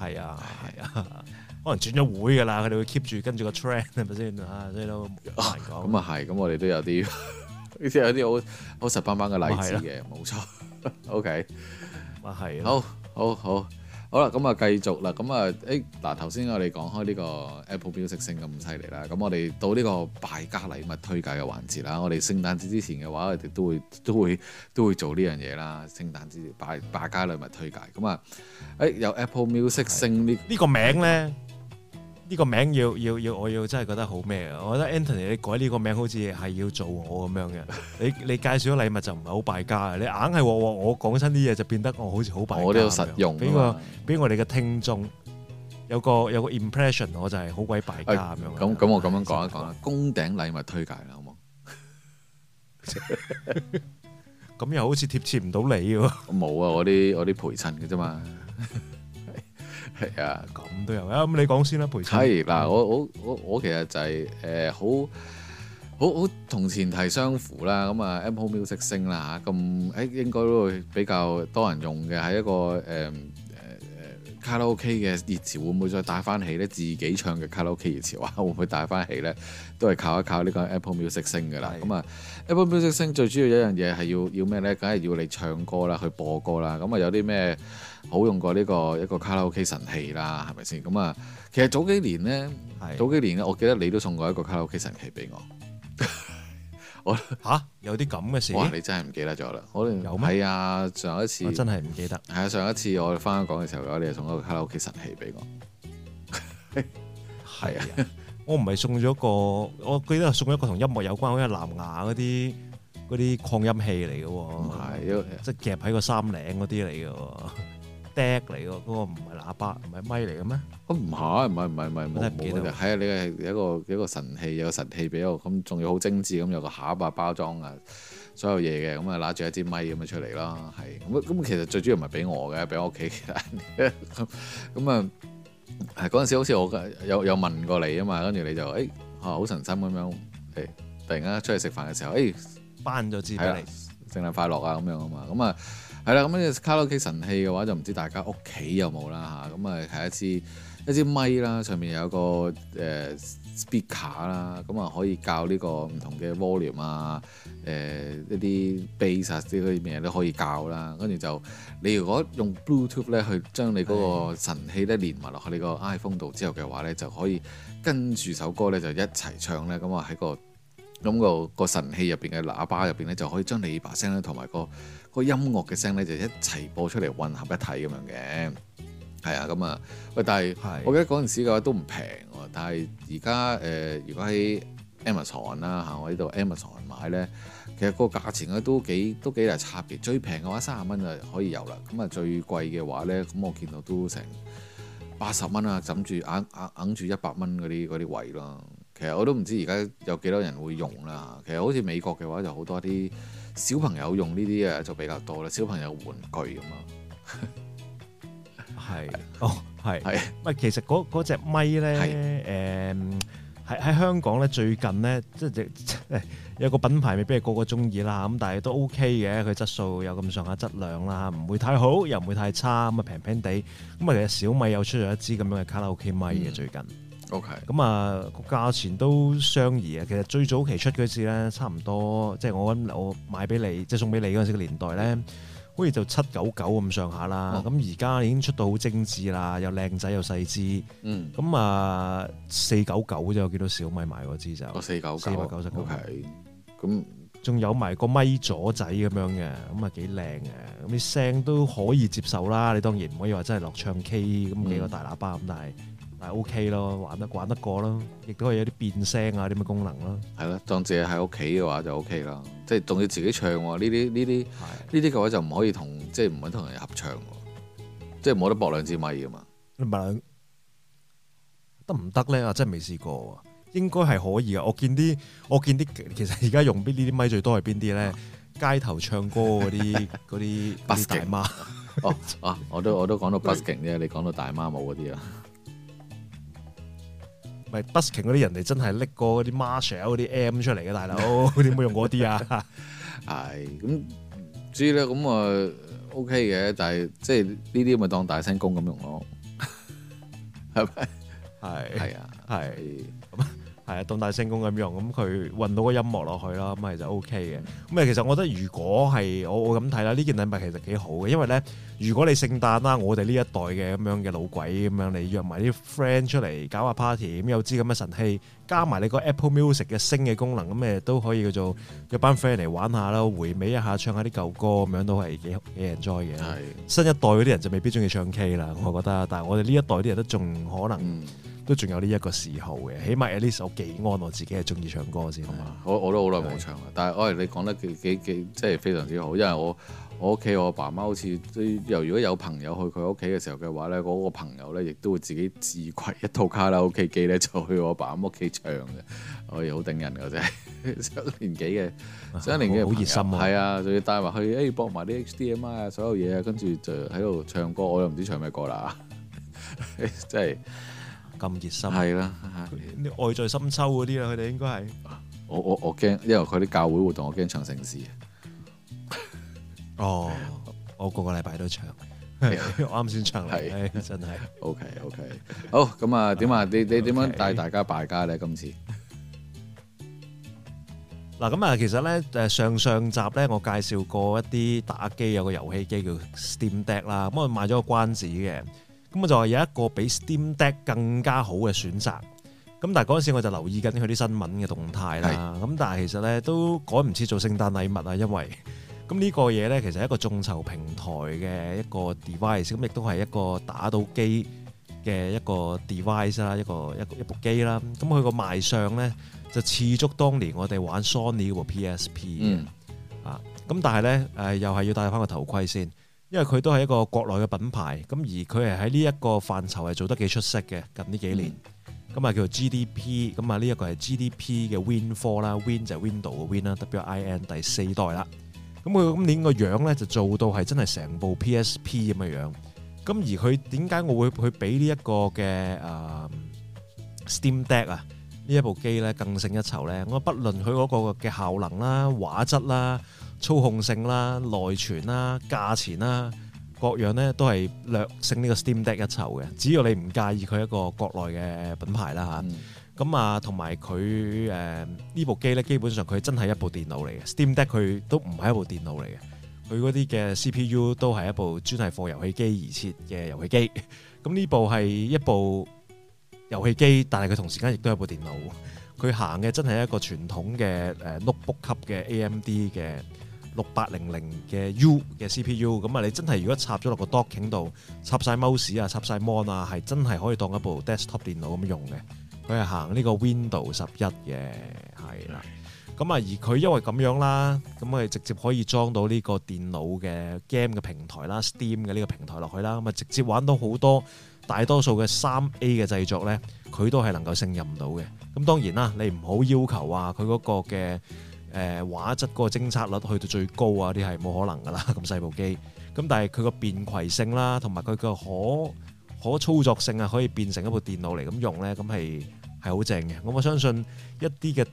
係啊，係啊，可能轉咗會噶啦，佢哋會 keep 住跟住個 trend 係咪先啊？所以都咁 *laughs* 啊係，咁、 *laughs* 嗯就係嗯、我哋都有啲呢啲有啲好好實邦邦嘅例子嘅，冇錯。O K，啊係，好，好，好，好啦，咁啊，繼續啦，咁啊，誒，嗱，頭先我哋講開呢個 Apple MusicSing 咁犀利啦，咁我哋到呢個敗家禮物推介嘅環節啦，我哋聖誕節之前嘅話，我哋都會都會都會做呢樣嘢啦，聖誕節敗敗家禮物推介，咁啊，誒，有 Apple MusicSing 呢呢個名咧。呢個名要要要，我要真係覺得好咩啊！我覺得 Anthony 你改呢個名好似係要做我咁樣嘅。你你介紹禮物就唔係好敗家嘅，你硬係我我講親啲嘢就變得我好似好敗家咁樣。我都實用，俾個俾我哋嘅聽眾有個有個 impression，我就係好鬼敗家咁樣。咁咁我咁樣講一講啦，宮頂禮物推介啦，好冇？咁又好似貼切唔到你喎。冇啊，我啲我啲陪襯嘅啫嘛。係啊，咁都有啊。咁你講先啦，培生。係嗱，我我我我其實就係誒好好好同前提相符啦。咁、嗯、啊，Apple Music 升啦嚇，咁、嗯、誒應該都會比較多人用嘅。係一個誒誒誒卡拉 OK 嘅熱潮會唔會再帶翻起咧？自己唱嘅卡拉 OK 熱潮啊，會唔會帶翻起咧？都係靠一靠呢個 Apple Music、啊嗯、Apple Music 升噶啦。咁啊，Apple Music 升最主要一樣嘢係要要咩咧？梗係要你唱歌啦，去播歌啦。咁啊，有啲咩？好用過呢、呢個一個卡拉 OK 神器啦，係咪先？咁啊，其實早幾年咧，的早幾年咧，我記得你都送過一個卡拉 OK 神器俾我。 *laughs* 我吓，有啲咁嘅事？你真係唔記，嗎、啊、記得咗啦！可能有咩？係啊，上一次我真係唔記得。係啊，上一次我翻香港嘅時候，你又送一個卡拉 OK 神器俾我。係 *laughs* 啊，啊 *laughs* 我唔係送咗個，我記得送咗個同音樂有關，好似藍牙嗰啲嗰啲擴音器嚟嘅喎。係的，即係的夾喺個衫領嗰啲嚟嘅喎。笛嚟喎，嗰個唔係喇叭，唔係咪嚟嘅咩？咁唔係，唔係，唔係，唔係，冇嘅。係啊，你係一個有一個神器，有一個神器俾我，咁仲要好精緻，咁有個盒啊，包裝啊，所有嘢嘅，咁啊攞住一支咪咁啊出嚟啦，係。咁、嗯、咁其實最主要唔係俾我嘅，俾我屋企嘅。咁咁啊，係嗰陣時好似我有有問過你啊嘛，跟住你就誒，啊、哎、好神心咁樣，誒突然間出去食飯嘅時候，誒翻咗支俾你，聖誕快樂啊咁樣啊嘛，咁啊。係啦，咁呢、嗯呢個卡拉 OK 神器嘅話，就唔知大家屋企有冇啦嚇。咁啊係一支一支咪啦，上面有個誒、呃、speaker 啦，咁啊可以教呢個唔同嘅 volume 啊，誒、呃、一啲 bass 啲啲咩都可以教啦。跟住就你如果用 Bluetooth 咧去將你嗰個神器咧連埋落去你個 iPhone 度之後嘅話咧，就可以跟住首歌咧就一齊唱咧。咁啊喺個咁個個神器入邊嘅喇叭入邊咧，就可以將你把聲咧同埋個。個音樂嘅聲咧就一齊播出嚟，混合一體咁樣嘅，係啊咁啊喂！但係是我記得嗰陣時嘅話都唔平，但係而家誒如果喺 Amazon 啦、啊、嚇，我呢度 Amazon 買咧，其實個價錢咧都幾都幾大差別，最平嘅話三十蚊就可以有啦，咁啊最貴嘅話咧咁我見到都成八十蚊啊，枕住硬硬住一百蚊嗰啲啲位咯。其實我都唔知而家有幾多人會用啦、啊。其實好似美國嘅話就好多啲。小朋友用呢啲嘢就比較多啦，小朋友玩具咁咯，係， *laughs* 哦，係，係是，唔其實嗰嗰隻咪咧，誒，喺喺是、嗯、香港咧最近咧，即係有個品牌未必係個個中意啦，咁但係都 OK 嘅，佢質素有咁上下質量啦，唔會太好又唔會太差，咁啊平平地，咁啊其實小米又出咗一支咁樣嘅卡拉 OK 咪嘅最近。嗯咁 Okay.、嗯、啊，個價錢都相宜啊！其實最早期出嗰次咧，差唔多即係我我買俾你，即、就、係、是、送俾你嗰陣時嘅年代咧，好似就七九九咁上下啦。咁而家已經出到好精緻啦，又靚仔又細支。咁、嗯、啊，四九九我見到小米買嗰支就四九九。四百九十九。OK。咁仲有埋個咪左仔咁樣嘅，咁啊幾靚嘅。咁你聲都可以接受啦。你當然唔可以話真係落唱 K 咁幾個大喇叭咁，但係、嗯。係 OK 咯，玩得玩得過咯，亦都可以有啲變聲啊，啲嘅功能咯、啊。係咯，當自己喺屋企嘅話就 OK 啦。即係仲要自己唱喎，呢啲呢啲呢啲嘅話就唔可以同即係唔可以同人合唱喎。即係冇得博兩支咪噶嘛。得唔得咧？啊，真係未試過喎。應該係可以啊。我見啲我見啲其實而家用呢啲咪最多係邊啲咧？街頭唱歌嗰啲嗰啲 busking 哦，我都我都講到 busking 啫，你講到大媽冇嗰啲啊。咪 busking 嗰啲人哋真係拎過嗰啲 Marshall 嗰啲 M 出嚟嘅，大佬點會用嗰啲、 *laughs* *laughs* 哎、啊？係咁唔知咧，咁啊 OK 嘅，但係即係呢啲咪當大聲公咁用咯，係 *laughs* 咪吧？係係是啊，係是。係啊，當大聲功咁樣，咁佢混到個音樂落去啦，咁係就 O K 嘅。咁誒，其實我覺得如果係我我咁睇啦，呢件禮物其實幾好嘅，因為咧，如果你聖誕啦，我哋呢一代嘅咁樣嘅老鬼咁樣你約埋啲 friend 出嚟搞下 party，咁有支咁嘅神器，加埋你個 Apple Music 嘅聲嘅功能，咁誒都可以叫做一班 friend 嚟玩下啦，回味一下唱下啲舊歌咁樣都係幾幾 enjoy 嘅。新一代嗰啲人就未必中意唱 K 啦，我覺得，但係我哋呢一代啲人都仲可能。都仲有呢一個嗜好嘅，起碼 at least 幾安我自己係中意唱歌先啊！我我都好耐冇唱啦，的但係我係你講得幾幾幾即係非常之好，因為我我屋企我爸媽好似，如果有朋友去佢屋企嘅時候嘅話呢嗰、嗰個朋友呢亦都會自己自攜一套卡拉 OK 機呢，就去我爸媽屋企唱嘅，我哋好頂人嘅啫，係，上年紀嘅、啊、上年紀嘅好熱心啊，係啊，仲要帶埋去誒播埋啲 HDMI 啊嘛，哎、接著接著 MI，所有嘢啊，跟住就喺度唱歌，我又唔知唱咩歌啦，即係～咁熱心係啦，你愛在深秋嗰啲啦，佢哋應該係我我我驚，因為佢啲教會活動，我驚唱聖詩。 *laughs* 哦，我個個禮拜都唱， *laughs* *laughs* *laughs* 我啱先唱嚟的， *laughs* 真係 OK OK 好。好咁啊，點啊？ *laughs* 你你點樣帶大家敗家咧？今次嗱，咁啊， *laughs* 其實咧，誒上上集咧，我介紹過一啲打機，有個遊戲機叫 Steam Deck 啦，咁我買咗個關子嘅。咁我就話有一個比 Steam Deck 更加好嘅選擇，咁但係嗰陣時我就留意緊佢啲新聞嘅動態啦，咁是但係其實咧都趕唔切做聖誕禮物啊，因為咁呢個嘢咧其實係一個眾籌平台嘅一個 device，咁亦都係一個打到機嘅一個 device 啦，一個一一部機啦，咁佢個賣相咧就似足當年我哋玩 Sony 嗰部 PSP、嗯、啊，咁但係咧誒又係要戴翻個頭盔先。因為佢都係一個國內嘅品牌，咁而佢係喺呢一個範疇係做得幾出色嘅，近呢幾年，咁、嗯、啊叫做 GDP，咁、嗯、啊呢、這、一個係 GDP 嘅 Win Four 啦，Win 就 Window 嘅 Win 啦，W I N 第四代啦，咁、嗯、佢今年個樣呢就做到係真係成部、PS、P S P 咁嘅樣、樣，咁、嗯、而佢點解我會去比呢一個嘅誒、呃、Steam Deck 啊呢一部機呢更勝一籌呢？我不論佢嗰個嘅效能啦、啊、畫質啦、啊。操控性啦、內存啦、價錢啦，各樣咧都係略勝呢個 Steam Deck 一籌嘅。只要你唔介意佢一個國內嘅品牌啦嚇，咁、嗯、啊同埋佢誒呢部機咧，基本上佢真係一部電腦嚟嘅。Steam Deck 佢都唔係一部電腦嚟嘅，佢嗰啲嘅 CPU 都係一部專係放遊戲機而設嘅遊戲機。咁呢部係一部遊戲機，但係佢同時間亦都係部電腦。佢行嘅真係一個傳統嘅誒、呃、notebook 級嘅 AMD 嘅。六八零零嘅 U 嘅 CPU，咁啊，你真係如果插咗落個 Docking 度，插晒 mouse 啊，插晒 mon 啊，係真係可以當一部 desktop 電腦咁用嘅。佢係行呢個 Windows 十一嘅，係啦。咁啊，而佢因為咁樣啦，咁啊直接可以裝到呢個電腦嘅 game 嘅平台啦，Steam 嘅呢個平台落去啦，咁啊直接玩到好多大多數嘅三 A 嘅製作咧，佢都係能夠勝任到嘅。咁當然啦，你唔好要，要求話佢嗰個嘅。誒，畫質嗰個偵測率去到最高啊！啲係冇可能㗎啦，咁細部機。咁但係佢個便携性啦，同埋佢個可可操作性啊，可以變成一部電腦嚟咁用咧，咁係係好正嘅。咁我相信一啲嘅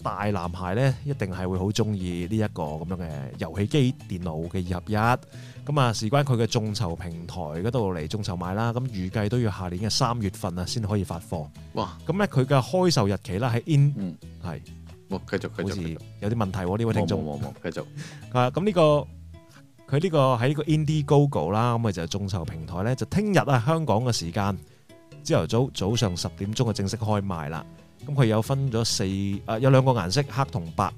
大男孩咧，一定係會好中意呢一個咁樣嘅遊戲機電腦嘅二合一。咁啊，事關佢嘅眾籌平台嗰度嚟眾籌買啦，咁預計都要下年嘅三月份啊先可以發貨。哇！咁咧佢嘅開售日期啦、嗯，喺 In 係。繼續，好似有啲問題喎呢位聽眾。繼續，啊，咁呢個佢呢個喺呢個 IndieGoGo 啦，咁咪就係眾籌平台咧，就聽日啊香港嘅時間，朝頭早早上十點鐘就正式開賣啦。咁佢有分咗四，啊有兩個顏色黑同白，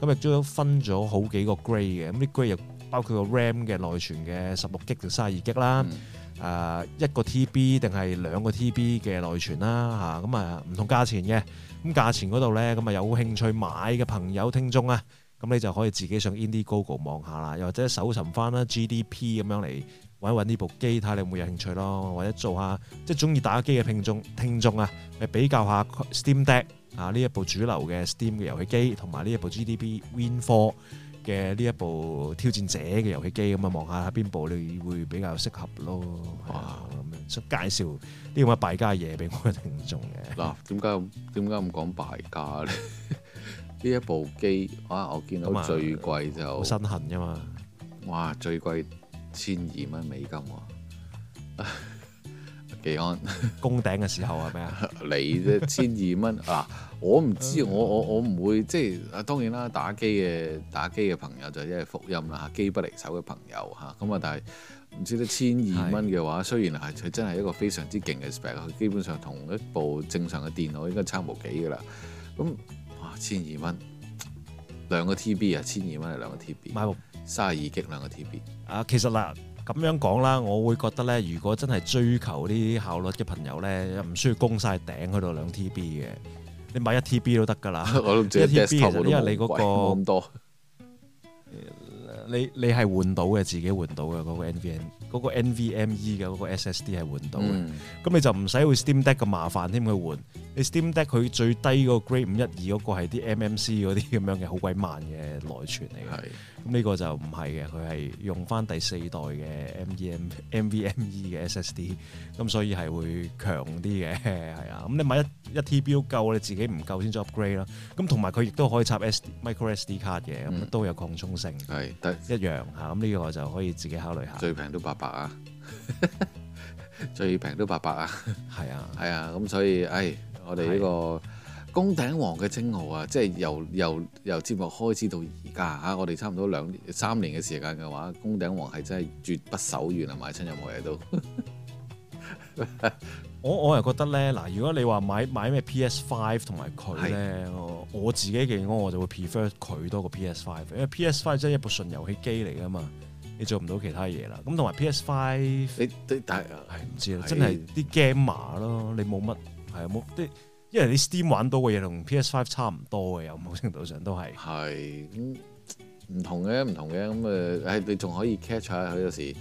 咁亦都分咗好幾個 Grade 嘅。咁啲 Grade 又包括個 RAM 嘅內存嘅十六 G 定卅二 G 啦，啊一個 TB 定係兩個 TB 嘅內存啦，吓咁啊唔同價錢嘅。咁價錢嗰度咧，咁啊有興趣買嘅朋友聽眾啊，咁你就可以自己上 Indiegogo 望下啦，又或者搜尋翻啦 GDP 咁樣嚟揾一揾呢部機，睇下你有冇興趣咯，或者做下即係中意打機嘅聽眾聽眾 Deck，啊，去比較下 Steam Deck 啊呢一部主流嘅 Steam 嘅遊戲機，同埋呢一部 GDP Win4。嘅呢一部挑戰者嘅遊戲機咁啊，望下邊部你會比較適合咯，哇咁樣，介紹啲咁嘅敗家嘢俾我嘅聽眾嘅。嗱，點解點解咁講敗家咧？呢一部機啊，我見到最貴就好身痕啊嘛，哇，最貴千二蚊美金喎，幾安？攻頂嘅時候係咩啊？你啫，千二蚊啊！我唔知，我我我唔會即係當然啦。打機嘅打機嘅朋友就一係福音啦。嚇，機不離手嘅朋友嚇咁啊，但係唔知得千二蚊嘅話，雖然係佢真係一個非常之勁嘅 spec，佢基本上同一部正常嘅電腦應該差無幾噶啦。咁哇，千二蚊兩個 TB 啊，千二蚊係兩個 TB，三十二 G 兩個 TB 啊。其實嗱咁樣講啦，我會覺得咧，如果真係追求呢啲效率嘅朋友咧，唔需要供晒頂去到兩 TB 嘅。你買一 TB 都得噶啦，我都唔知一 TB 其實因為你嗰、那個，多你你係換到嘅，自己換到嘅嗰、那個 NVN，嗰 NVME 嘅嗰個、那個、SSD 係換到嘅，咁、嗯、你就唔使會 Steam Deck 咁麻煩添去換。你 Steam Deck 佢最低個 grade 五一二嗰個係啲 MMC 嗰啲咁樣嘅好鬼慢嘅內存嚟嘅。呢個就唔係嘅，佢係用翻第四代嘅 M E N V M E 嘅 S S D，咁所以係會強啲嘅，係啊。咁你買一一 T B 都夠，你自己唔夠先再 upgrade 咯。咁同埋佢亦都可以插 S Micro S D 卡嘅，咁都有擴充性，係、嗯、一樣嚇。咁呢對個就可以自己考慮下。最平都八百啊！ *laughs* 最平都八百啊！係啊 *laughs* 的，係啊。咁所以，唉、哎，的我哋呢、這個。宮頂王嘅稱號啊，即係由由由節目開始到而家嚇，我哋差唔多兩三年嘅時間嘅話，宮頂王係真係絕不手軟啊！買親任何嘢都，呵呵我我係覺得咧嗱，如果你話買買咩 PS Five 同埋佢咧，是我自己嘅我我就會 prefer 佢多過 PS Five，因為 PS Five 真係一部純遊戲機嚟噶嘛，你做唔到其他嘢啦。咁同埋 PS Five，你但係唔知是真係啲 game 碼咯，你冇乜係啊冇啲。因為你 Steam 玩到嘅嘢，嗯、同 PS Five 差唔多嘅，有某程度上都係係咁唔同嘅，唔同嘅咁誒，誒、嗯嗯，你仲可以 catch 下佢有時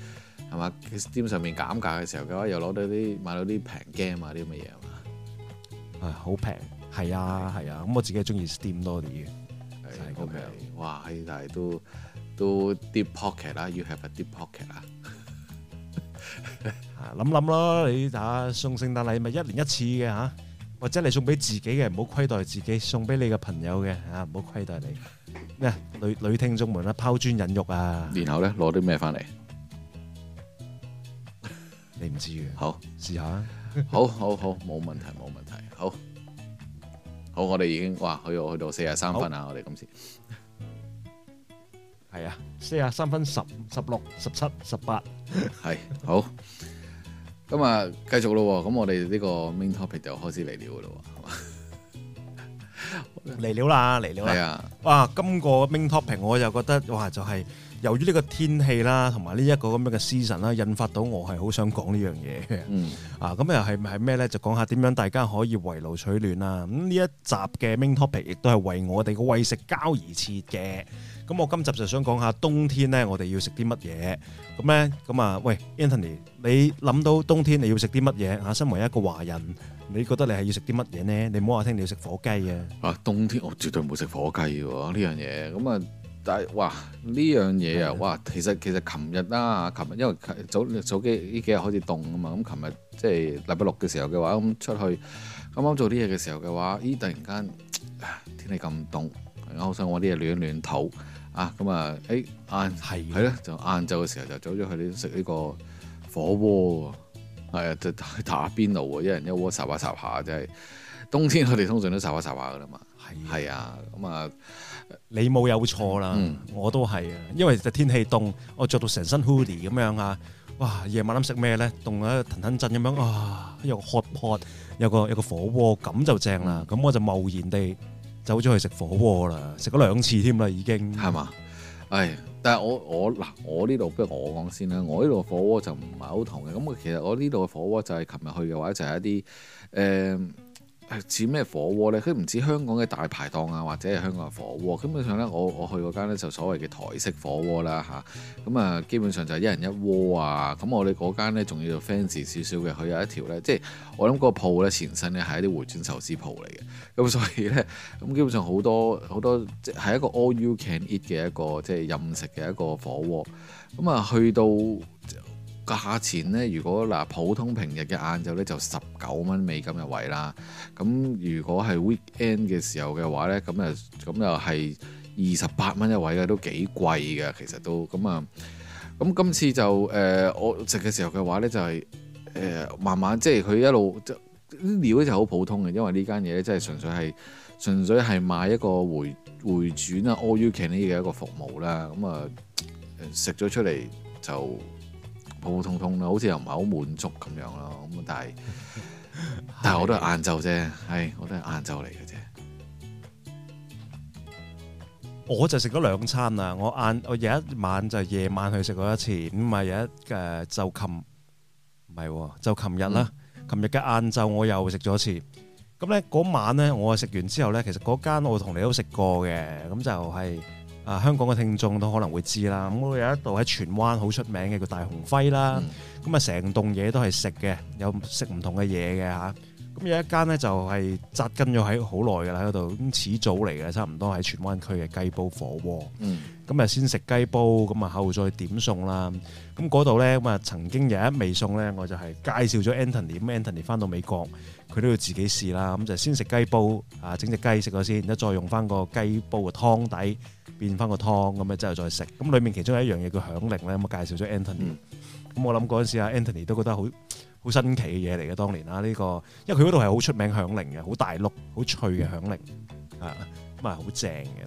係嘛？Steam 上面減價嘅時候嘅話，啊，又攞到啲買到啲平 game 啊啲咁嘅嘢啊，係好平係啊係啊。咁，啊啊啊，我自己係中意 Steam 多啲嘅，係咁係哇，但係都都 deep pocket 啦，要 have a deep pocket 啦，諗諗咯。你啊送聖誕禮咪一年一次嘅吓。啊或者你送俾自己嘅，唔好虧待自己；送俾你嘅朋友嘅，啊唔好虧待你。咩、啊、女女聽眾們啦，拋磚引玉啊！啊然後咧，攞啲咩翻嚟？你唔知嘅好，好試下。好好好，冇問題冇問題。好，好，我哋已經哇，去到去到四十三分好啊！我哋今次係啊，四十三分十十六十七十八，係好。咁啊，繼續咯喎，咁我哋呢個 main topic 就開始嚟料嘅咯喎，嚟料 *laughs* 啦，嚟料啦，係啊，今個 main topic 我就覺得哇，就係、係、由於呢個天氣啦，同埋呢一個咁樣嘅 season 啦，引發到我係好想講呢樣嘢嘅，嗯、啊，咁又係係咩咧？就講下點樣大家可以圍爐取暖啦、啊。咁呢一集嘅 main topic 亦都係為我哋嘅餵食交而設嘅。咁我今集就想講下冬天咧，我哋要食啲乜嘢？咁咧，咁啊，喂，Anthony，你諗到冬天你要食啲乜嘢啊？身為一個華人，你覺得你係要食啲乜嘢呢？你唔好話聽你要食火雞啊！啊，冬天我絕對唔會食火雞嘅呢樣嘢。咁啊，但係哇，呢樣嘢啊，是的 哇，其實其實琴日啦，琴日因為早早幾呢幾日開始凍啊嘛，咁琴日即係禮拜六嘅時候嘅話，咁出去啱啱做啲嘢嘅時候嘅話，咦，突然間天氣咁凍，好想搵啲嘢暖暖肚。啊咁啊，誒晏係係咧，就晏晝嘅時候就走咗去呢食呢個火鍋，係啊，就去打邊爐喎，一人一鍋烚下烚下，即係冬天佢哋通常都烚下烚下噶啦嘛，係啊，咁啊你冇有，有錯啦，嗯、我都係啊，因為就天氣凍，我着到成身 hoodie 咁樣啊，哇，夜晚諗食咩咧，凍啊騰騰震咁樣啊，有 hot pot，有個有個火鍋咁就正啦，咁、嗯、我就冒然地。走咗去食火鍋啦，食咗兩次添啦已經，係嘛？誒，但係我我嗱，我呢度不如我講先啦，我呢度火鍋就唔係好同嘅，咁其實我呢度嘅火鍋就係琴日去嘅話就係一啲誒。呃似咩火鍋呢？佢唔似香港嘅大排檔啊，或者係香港嘅火鍋。基本上呢，我我去嗰間咧就所謂嘅台式火鍋啦嚇。咁啊，基本上就一人一鍋啊。咁、啊、我哋嗰間咧仲要 fancy 少少嘅，佢有一條呢，即係我諗嗰個鋪咧前身呢係一啲回轉壽司鋪嚟嘅。咁、啊、所以呢，咁基本上好多好多即係一個 all you can eat 嘅一個即係任食嘅一個火鍋。咁啊，去到。價錢咧，如果嗱普通平日嘅晏晝咧，就十九蚊美金一位啦。咁如果係 weekend 嘅時候嘅話咧，咁啊咁又係二十八蚊一位嘅，都幾貴嘅。其實都咁啊。咁今次就誒、呃、我食嘅時候嘅話咧，就係、是、誒、呃、慢慢即係佢一路料咧就好普通嘅，因為呢間嘢咧真係純粹係純粹係賣一個回回轉啊，all you can eat 嘅一個服務啦。咁啊，食、呃、咗出嚟就～普普通通咯，好似又唔係好滿足咁樣咯，咁啊但係但係我都係晏晝啫，係我都係晏晝嚟嘅啫，我就食咗兩餐啦，我晏我有一晚就夜晚去食過一次，唔係有一誒就琴，唔係喎就琴日啦，琴日嘅晏晝我又食咗一次，咁咧嗰晚咧我係食完之後咧，其實嗰間我同你都食過嘅，咁就係。啊！香港嘅聽眾都可能會知啦，咁、嗯、我有一度喺荃灣好出名嘅叫大雄輝啦，咁啊成棟嘢都係食嘅，有食唔同嘅嘢嘅嚇。啊咁有一間咧就係扎根咗喺好耐㗎啦喺度，咁始祖嚟嘅，差唔多喺荃灣區嘅雞煲火鍋。咁啊、嗯、先食雞煲，咁啊後再點餸啦。咁嗰度咧咁啊曾經有一味餸咧，我就係介紹咗 An、嗯、Anthony。Anthony 翻到美國，佢都要自己試啦。咁就先食雞煲，啊整隻雞食咗先，然之後再用翻個雞煲嘅湯底變翻個湯，咁啊之後再食。咁裡面其中有一樣嘢叫響鈴咧，我介紹咗 Anthony，嗯。咁我諗嗰陣時 Anthony 都覺得好。好新奇嘅嘢嚟嘅，當年啦，呢個，因為佢嗰度係好出名響鈴嘅，好大碌，好脆嘅響鈴，嗯、啊，咁啊好正嘅。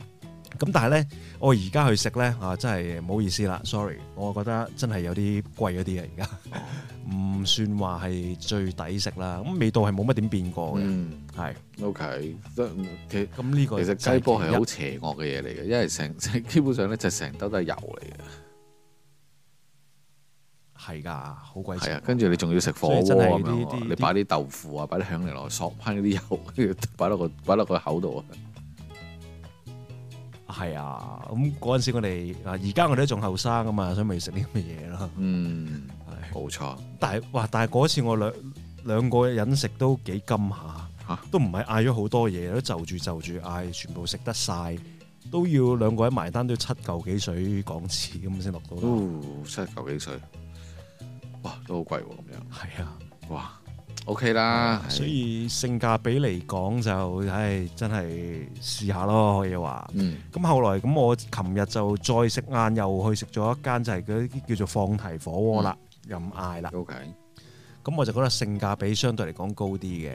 咁、嗯、但係咧，我而家去食咧啊，真係唔好意思啦，sorry，我覺得真係有啲貴一啲啊，而家唔算話係最抵食啦，咁味道係冇乜點變過嘅。嗯，係是，OK，得 okay,，其實咁呢個其實雞煲係好邪惡嘅嘢嚟嘅，因為成，基本上咧就成兜都係油嚟嘅。係噶，好鬼正。係啊，跟住你仲要食火鍋咁樣，些你擺啲豆腐啊，擺啲響嚟落，索返啲油，擺落個擺落個口度啊。係啊，咁嗰陣時我哋啊，而家我哋都仲後生啊嘛，所以咪食啲咁嘅嘢咯。嗯，冇是錯。但係哇，但係嗰次我兩兩個人食都幾甘下，嚇、啊、都唔係嗌咗好多嘢，都就住就住嗌，全部食得晒，都要兩個人埋單都要七嚿幾水港紙咁先落到。七嚿幾水。哇，都好貴喎、啊、咁樣。係啊，哇，O、OK、K 啦。啊啊、所以性價比嚟講就，唉，真係試下咯可以話。嗯。咁後來咁我琴日就再食晏，又去食咗一間就係嗰啲叫做放題火鍋啦，任嗌啦。咁 Okay. 我就覺得性價比相對嚟講高啲嘅。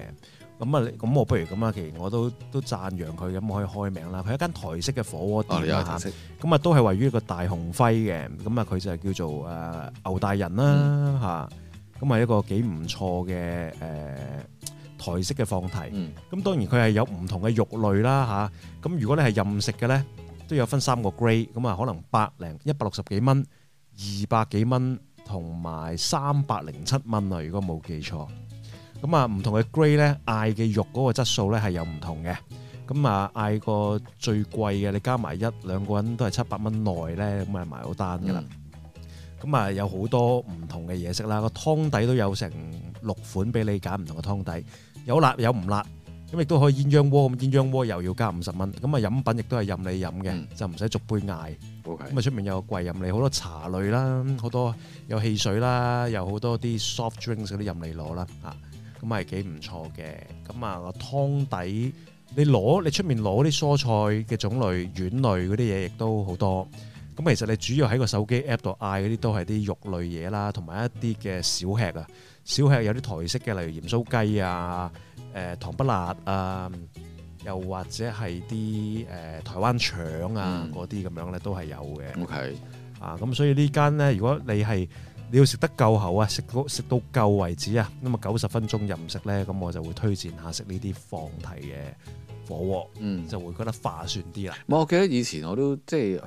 咁啊，咁我不如咁啦，其實我都都讚揚佢，咁可以開名啦。佢一間台式嘅火鍋店，咁啊都係位於一個大鴻輝嘅，咁啊佢就係叫做誒牛大人啦，嚇、嗯，咁啊一個幾唔錯嘅誒、呃、台式嘅放題。咁、嗯、當然佢係有唔同嘅肉類啦，嚇。咁如果你係任食嘅咧，都有分三個 grade，咁啊可能百零一百六十幾蚊、二百幾蚊同埋三百零七蚊啊，如果冇記錯。咁啊，唔同嘅 grade 咧，嗌嘅肉嗰個質素咧係有唔同嘅。咁啊，嗌個最貴嘅，你加埋一兩個人都係七百蚊內咧，咁啊埋好單㗎啦。咁啊、嗯，有好多唔同嘅嘢食啦，個湯底都有成六款俾你揀，唔同嘅湯底，有辣有唔辣。咁亦都可以鴛鴦鍋，鴛鴦鍋又要加五十蚊。咁啊，飲品亦都係任你飲嘅，嗯、就唔使逐杯嗌。咁啊，出面有個櫃任你好多茶類啦，好多有汽水啦，有好多啲 soft drinks 嗰啲任你攞啦，啊～咁係幾唔錯嘅，咁啊個湯底你攞你出面攞啲蔬菜嘅種類、丸類嗰啲嘢，亦都好多。咁其實你主要喺個手機 app 度嗌嗰啲，都係啲肉類嘢啦，同埋一啲嘅小吃啊。小吃有啲台式嘅，例如鹽酥雞啊、誒、呃、糖不辣啊，又或者係啲誒台灣腸啊嗰啲咁樣咧，嗯、都係有嘅。OK，啊咁所以呢間咧，如果你係你要食得夠喉啊，食到食到夠為止啊，咁啊九十分鐘任食咧，咁我就會推薦下食呢啲放題嘅。火嗯，就會覺得划算啲啦。我記得以前我都即係誒，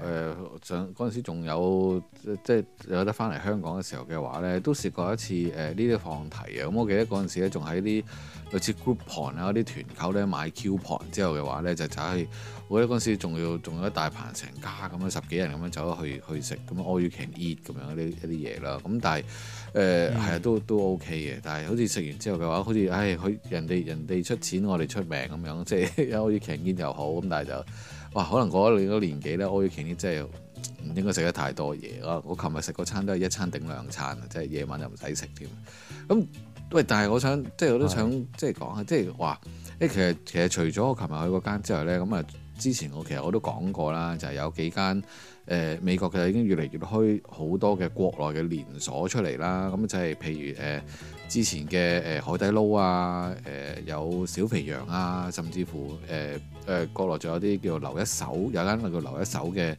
上、呃、嗰時仲有即係有得翻嚟香港嘅時候嘅話咧，都試過一次誒呢啲放題啊。咁我記得嗰陣時咧，仲喺啲類似 Groupon 啊嗰啲團購咧買 coupon 之後嘅話咧，就走去。我記得嗰陣時仲要仲有一大盤成家咁樣十幾人咁樣走去去食，咁，all you can eat 咁樣一啲一啲嘢啦。咁、嗯、但係。誒係啊，都都 OK 嘅，但係好似食完之後嘅話，好似唉，佢、哎、人哋人哋出錢，我哋出名咁樣，即係有好似強健又好咁，但係就哇，可能過咗你多年紀咧，我要強健真係唔應該食得太多嘢咯。我琴日食嗰餐都係一餐頂兩餐啊，即係夜晚又唔使食添。咁喂，但係我想即係我都想、mm hmm. 即係講下，即係話誒，其實其實除咗我琴日去嗰間之外咧，咁啊。之前我其實我都講過啦，就係、是、有幾間誒、呃、美國其實已經越嚟越開好多嘅國內嘅連鎖出嚟啦。咁就係譬如誒、呃、之前嘅誒、呃、海底撈啊，誒、呃、有小肥羊啊，甚至乎誒誒、呃、國內仲有啲叫留一手，有間叫做留一手嘅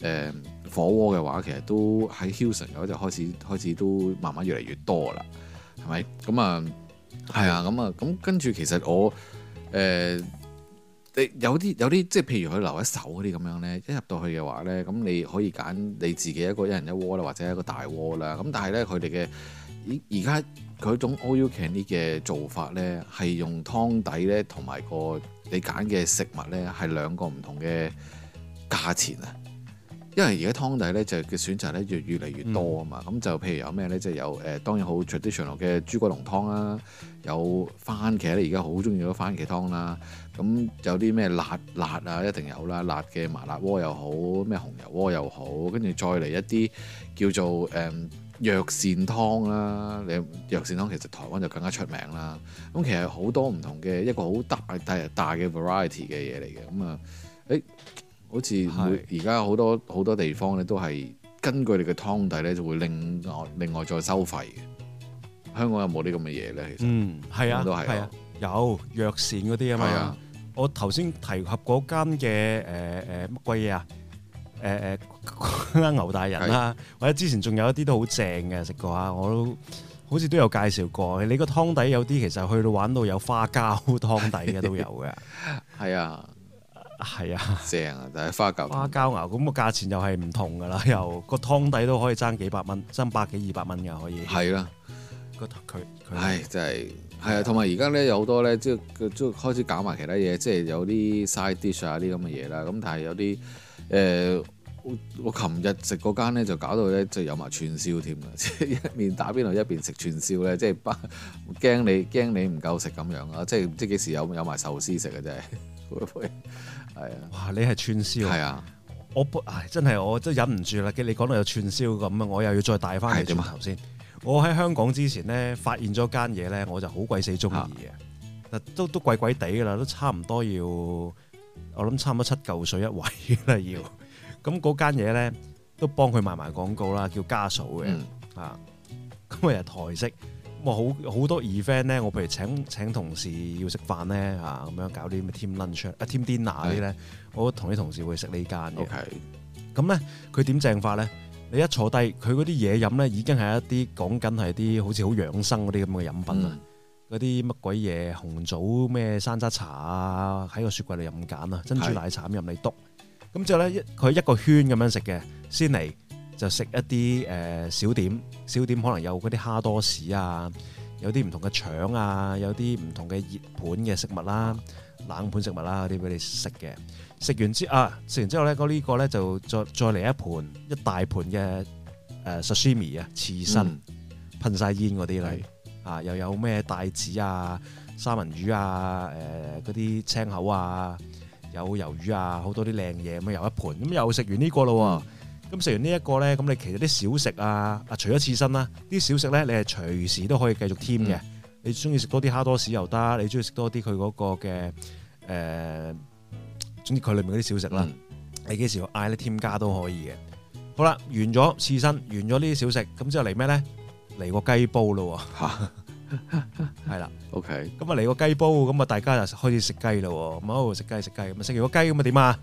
誒火鍋嘅話，其實都喺 Hilton 嗰度開始開始都慢慢越嚟越多啦。係咪？咁啊，係啊，咁啊，咁跟住其實我誒。呃你有啲有啲即係譬如佢留一手嗰啲咁樣咧，一入到去嘅話咧，咁你可以揀你自己一個一人一鍋啦，或者一個大鍋啦。咁但係咧，佢哋嘅而而家佢種 all you can eat 嘅做法咧，係用湯底咧同埋個你揀嘅食物咧係兩個唔同嘅價錢啊。因為而家湯底咧就嘅選擇咧越越嚟越多啊嘛。咁、嗯、就譬如有咩咧，即、就、係、是、有誒、呃、當然好 traditional 嘅豬骨濃湯啦，有番茄咧，你而家好鍾意嗰番茄湯啦。咁有啲咩辣辣啊，一定有啦！辣嘅麻辣鍋又好，咩紅油鍋又好，跟住再嚟一啲叫做誒、嗯、藥膳湯啦。你藥膳湯其實台灣就更加出名啦。咁其實好多唔同嘅一個大大大的的、欸、好大大嘅 variety 嘅嘢嚟嘅。咁啊是，誒好似而家好多好多地方咧都係根據你嘅湯底咧就會另外另外再收費嘅。香港有冇啲咁嘅嘢咧？其實嗯，係啊，都係啊，有藥膳嗰啲啊嘛。係啊。我頭先提及嗰間嘅誒誒乜鬼嘢啊？誒、呃、誒、呃欸、牛大人啦、啊，或者之前仲有一啲都好正嘅食過嚇，我都好似都有介紹過。你個湯底有啲其實去到玩到有花膠湯底嘅都有嘅，係啊係啊，正啊就係、係、花，花膠。花膠牛咁個價錢又係唔同噶啦，又個湯底都可以爭幾百蚊，爭百幾二百蚊嘅可以。係咯的，個佢，唉真係。寫係啊，同埋而家咧有好多咧，即係即係開始搞埋其他嘢，即係有啲 side dish 啊啲咁嘅嘢啦。咁但係有啲誒、呃，我我琴日食嗰間咧就搞到咧，即係有埋串燒添嘅，即係一面打邊爐，一邊食串燒咧，即係驚你驚你唔夠食咁樣啊！即係唔知幾時有有埋壽司食啊，真係，會唔會？係啊！哇！你係串燒係啊！我真係我真係忍唔住啦！你講到有串燒咁啊，我又要再大翻你轉頭先。我喺香港之前咧，發現咗間嘢咧，我就好鬼死中意嘅，嗱、啊、都都貴貴哋噶啦，都差唔多要，我諗差唔多七嚿水一位啦要。咁嗰間嘢咧，都幫佢賣埋廣告啦，叫家嫂嘅、嗯、啊。咁啊又台式，我好好，好多 event 咧，我譬如請請同事要食飯咧啊，咁樣搞啲咩 team lunch 啊 team dinner 嗰啲咧，嗯、我同啲同事會食呢間嘅。咁咧 okay.、嗯，佢點正法咧？嗯嗯嗯嗯你一坐低，佢嗰啲嘢飲咧已經係一啲講緊係啲好似好養生嗰啲咁嘅飲品啊，嗰啲乜鬼嘢紅棗咩山楂茶啊，喺個雪櫃嚟任揀啊，珍珠奶茶咁入嚟篤，咁是的 之後咧，一佢一個圈咁樣食嘅，先嚟就食一啲誒、呃、小點，小點可能有嗰啲蝦多士啊，有啲唔同嘅腸啊，有啲唔同嘅熱盤嘅食物啦、啊、冷盤食物啦嗰啲俾你食嘅。食完之啊，食完之後咧，嗰、這個、呢個咧就再再嚟一盤一大盤嘅誒 sashimi 啊，刺身，嗯、噴晒煙嗰啲嚟啊，又有咩帶子啊、三文魚啊、誒嗰啲青口啊，有魷魚啊，多好多啲靚嘢咁又一盤，咁又食完，個、啊嗯、完個呢個咯，咁食完呢一個咧，咁你其實啲小食啊，啊除咗刺身啦、啊，啲小食咧你係隨時都可以繼續添嘅、嗯，你中意食多啲蝦多士又得，你中意食多啲佢嗰個嘅誒。呃總之佢裏面嗰啲小食啦，嗯、你幾時嗌，咧添加都可以嘅。好啦，完咗刺身，完咗呢啲小食，咁之後嚟咩咧？嚟個雞煲咯，係 *laughs* 啦了。OK，咁啊嚟個雞煲，咁啊大家就開始食雞咯。咁喺度食雞食雞，咁啊食完個雞咁啊點啊？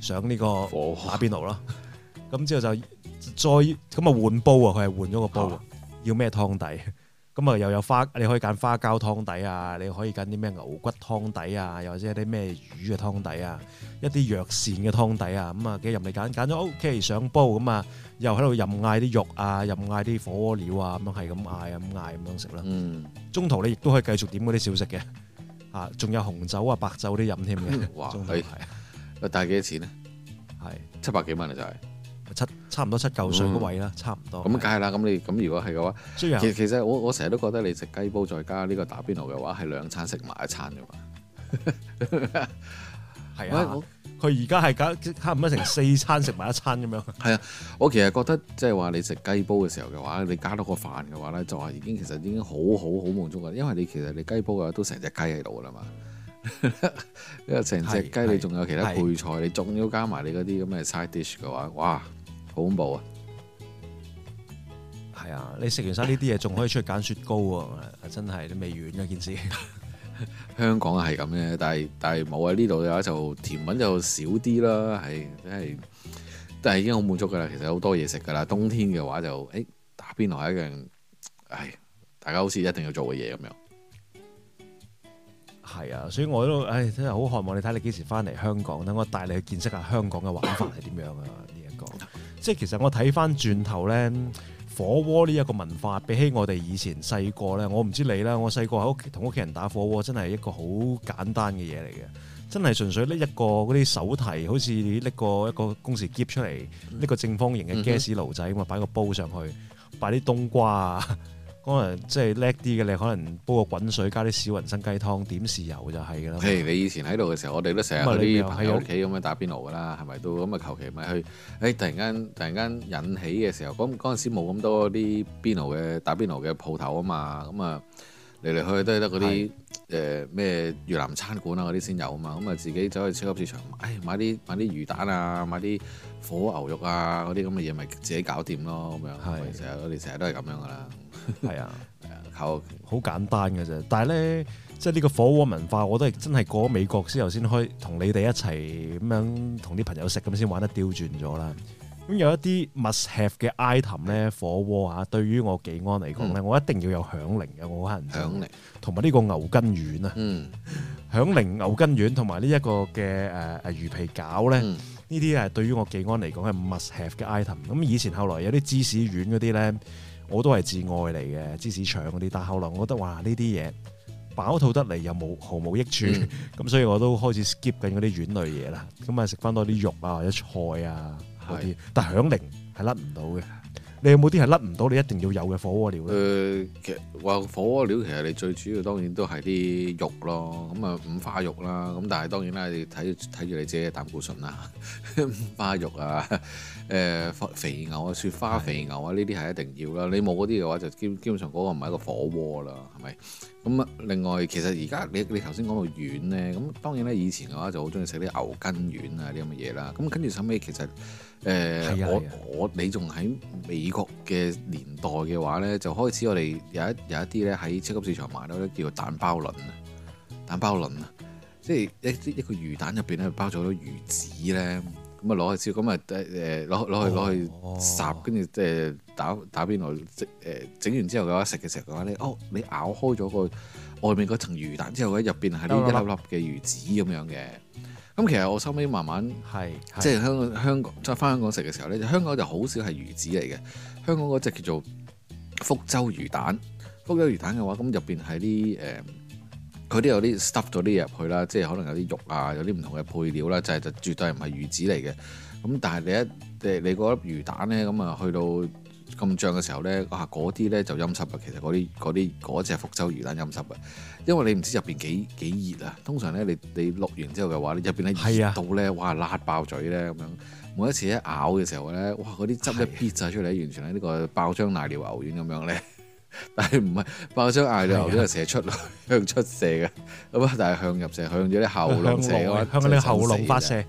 上呢個打邊爐咯。咁 *laughs* 之後就再咁啊換煲啊，佢係換咗個煲， *laughs* 要咩湯底？咁啊又有花，你可以揀花膠湯底啊，你可以揀啲咩牛骨湯底啊，又或者啲咩魚嘅湯底啊，一啲藥膳嘅湯底啊，咁啊幾任嚟揀，揀咗 OK 上煲，咁啊又喺度任嗌啲肉啊，任嗌啲火鍋料啊，咁樣係咁嗌咁嗌咁樣食啦。嗯、中途你亦都可以繼續點嗰啲小食嘅，嚇，仲有紅酒啊、白酒啲飲添嘅。哇！係，帶幾多錢咧？係七百幾蚊嘅就係。七差唔多七嚿水嗰位啦，差唔多。咁梗係啦。咁你咁如果係嘅話，其實我我成日都覺得你食雞煲再加呢個打邊爐嘅話，係兩餐食埋一餐㗎嘛。係啊，佢而家係搞差唔多成四餐食埋一餐咁樣。係啊，我其實覺得即係話你食雞煲嘅時候嘅話，你加多個飯嘅話咧，就係已經其實已經好好好滿足噶。因為你其實你雞煲嘅話都成隻雞喺度噶啦嘛，因為成隻雞你仲有其他配菜，你仲要加埋你嗰啲咁嘅 side dish 嘅話，哇！好恐怖啊！係啊，你食完晒呢啲嘢，仲可以出去揀雪糕啊！ *laughs* 真係都未完嘅件事。 *laughs* 香港啊，係咁嘅，但係但係冇啊。呢度嘅話就甜品就少啲啦。係，真係，但係已經好滿足噶啦。其實好多嘢食噶啦。冬天嘅話就，誒，打邊爐係一樣，唉，大家好似一定要做嘅嘢咁樣。係啊，所以我都，唉，真係好渴望你睇你幾時翻嚟香港，等我帶你去見識下香港嘅玩法係點樣啊！ *coughs* 即係其實我睇翻轉頭咧，火鍋呢一個文化比起我哋以前細個咧，我唔知你啦。我細個喺屋企同屋企人打火鍋，真係一個好簡單嘅嘢嚟嘅，真係純粹拎一個嗰啲手提，好似拎個一個公事夾出嚟，拎個正方形嘅 gas 爐仔咁啊，擺個煲上去，擺啲冬瓜啊。可能即係叻啲嘅，你可能煲個滾水加啲小雲吞雞湯，點豉油就係噶啦。譬如你以前喺度嘅時候，我哋都成日去啲喺屋企咁樣打邊爐噶啦，係咪都咁啊？求其咪去誒！突然間突然間引起嘅時候，咁嗰陣時冇咁多啲邊爐嘅打邊爐嘅鋪頭啊嘛，咁啊嚟嚟去去都係得嗰啲誒咩越南餐館啊嗰啲先有啊嘛，咁啊自己走去超級市場，誒、哎、買啲買啲魚蛋啊，買啲火牛肉啊嗰啲咁嘅嘢，咪自己搞掂咯咁樣。係是，成日我哋成日都係咁樣噶啦。係啊，啊好好的簡單嘅啫。但係咧，即係呢個火鍋文化，我都係真係過咗美國之後先開，同你哋一齊咁樣同啲朋友食咁先玩得刁轉咗啦。咁有一啲 must have 嘅 item 咧，火鍋啊，對於我紀安嚟講咧，嗯、我一定要有響鈴嘅，我可能，響鈴，同埋呢個牛筋丸啊，響、嗯、鈴牛筋丸，同埋呢一個嘅誒誒魚皮餃咧，呢啲係對於我紀安嚟講係 must have 嘅 item。咁以前後來有啲芝士丸嗰啲咧。我都係至愛嚟嘅芝士腸嗰啲，但後來我覺得哇，呢啲嘢飽肚得嚟又冇毫無益處，咁、嗯、 *laughs* 所以我都開始 skip 緊嗰啲丸類嘢啦，咁啊食翻多啲肉啊或者菜啊嗰啲的，但係響鈴係甩唔到嘅。嗯你有冇啲係甩唔到？你一定要有嘅火鍋料咧、呃？其實話火鍋料其實你最主要當然都係啲肉咯，咁啊五花肉啦，咁但係當然啦，你睇睇住你自己嘅膽固醇啦，五花肉啊，誒、呃、肥牛啊，雪花肥牛啊，呢啲係一定要啦。你冇嗰啲嘅話，就基基本上嗰個唔係一個火鍋啦，係咪？咁啊，另外其實而家你你頭先講到丸咧，咁當然咧以前嘅話就好鍾意食啲牛筋丸啊呢啲咁嘅嘢啦。咁跟住收尾其實。誒，呃啊、我、啊、我你仲喺美國嘅年代嘅話咧，就開始我哋有一有一啲咧喺超級市場買到咧，叫做蛋包卵。啊，蛋包卵，啊，即係一一個魚蛋入邊咧包咗好多魚子咧，咁啊攞去燒，咁啊誒攞攞去攞、哦、去烚，跟住即係打打邊爐，即誒整完之後嘅話食嘅時候嘅話咧，哦，你咬開咗個外面嗰層魚蛋之後咧，入邊係呢一粒粒嘅魚子咁樣嘅。咁其實我收尾慢慢係即係香港香港再返香港食嘅時候咧，香港就好少係魚子嚟嘅。香港嗰隻叫做福州魚蛋，福州魚蛋嘅話，咁入邊係啲誒，佢、呃、都有啲 stuff 咗啲入去啦，即係可能有啲肉啊，有啲唔同嘅配料啦，就係、是、就絕對唔係魚子嚟嘅。咁但係你一誒你嗰粒魚蛋咧，咁啊去到。咁脹嘅時候咧，啊嗰啲咧就陰濕嘅，其實嗰啲嗰啲隻福州魚蛋陰濕嘅，因為你唔知入邊幾幾熱啊。通常咧，你你落完之後嘅話，入邊咧熱到咧，哇辣爆嘴咧咁樣。每一次一咬嘅時候咧，哇嗰啲汁一咇晒出嚟，完全喺呢個爆漿瀨尿牛丸咁樣咧。但係唔係爆漿瀨尿牛丸係射出向出射嘅，咁但係向入射向咗啲喉嚨射，向向啲喉嚨發射。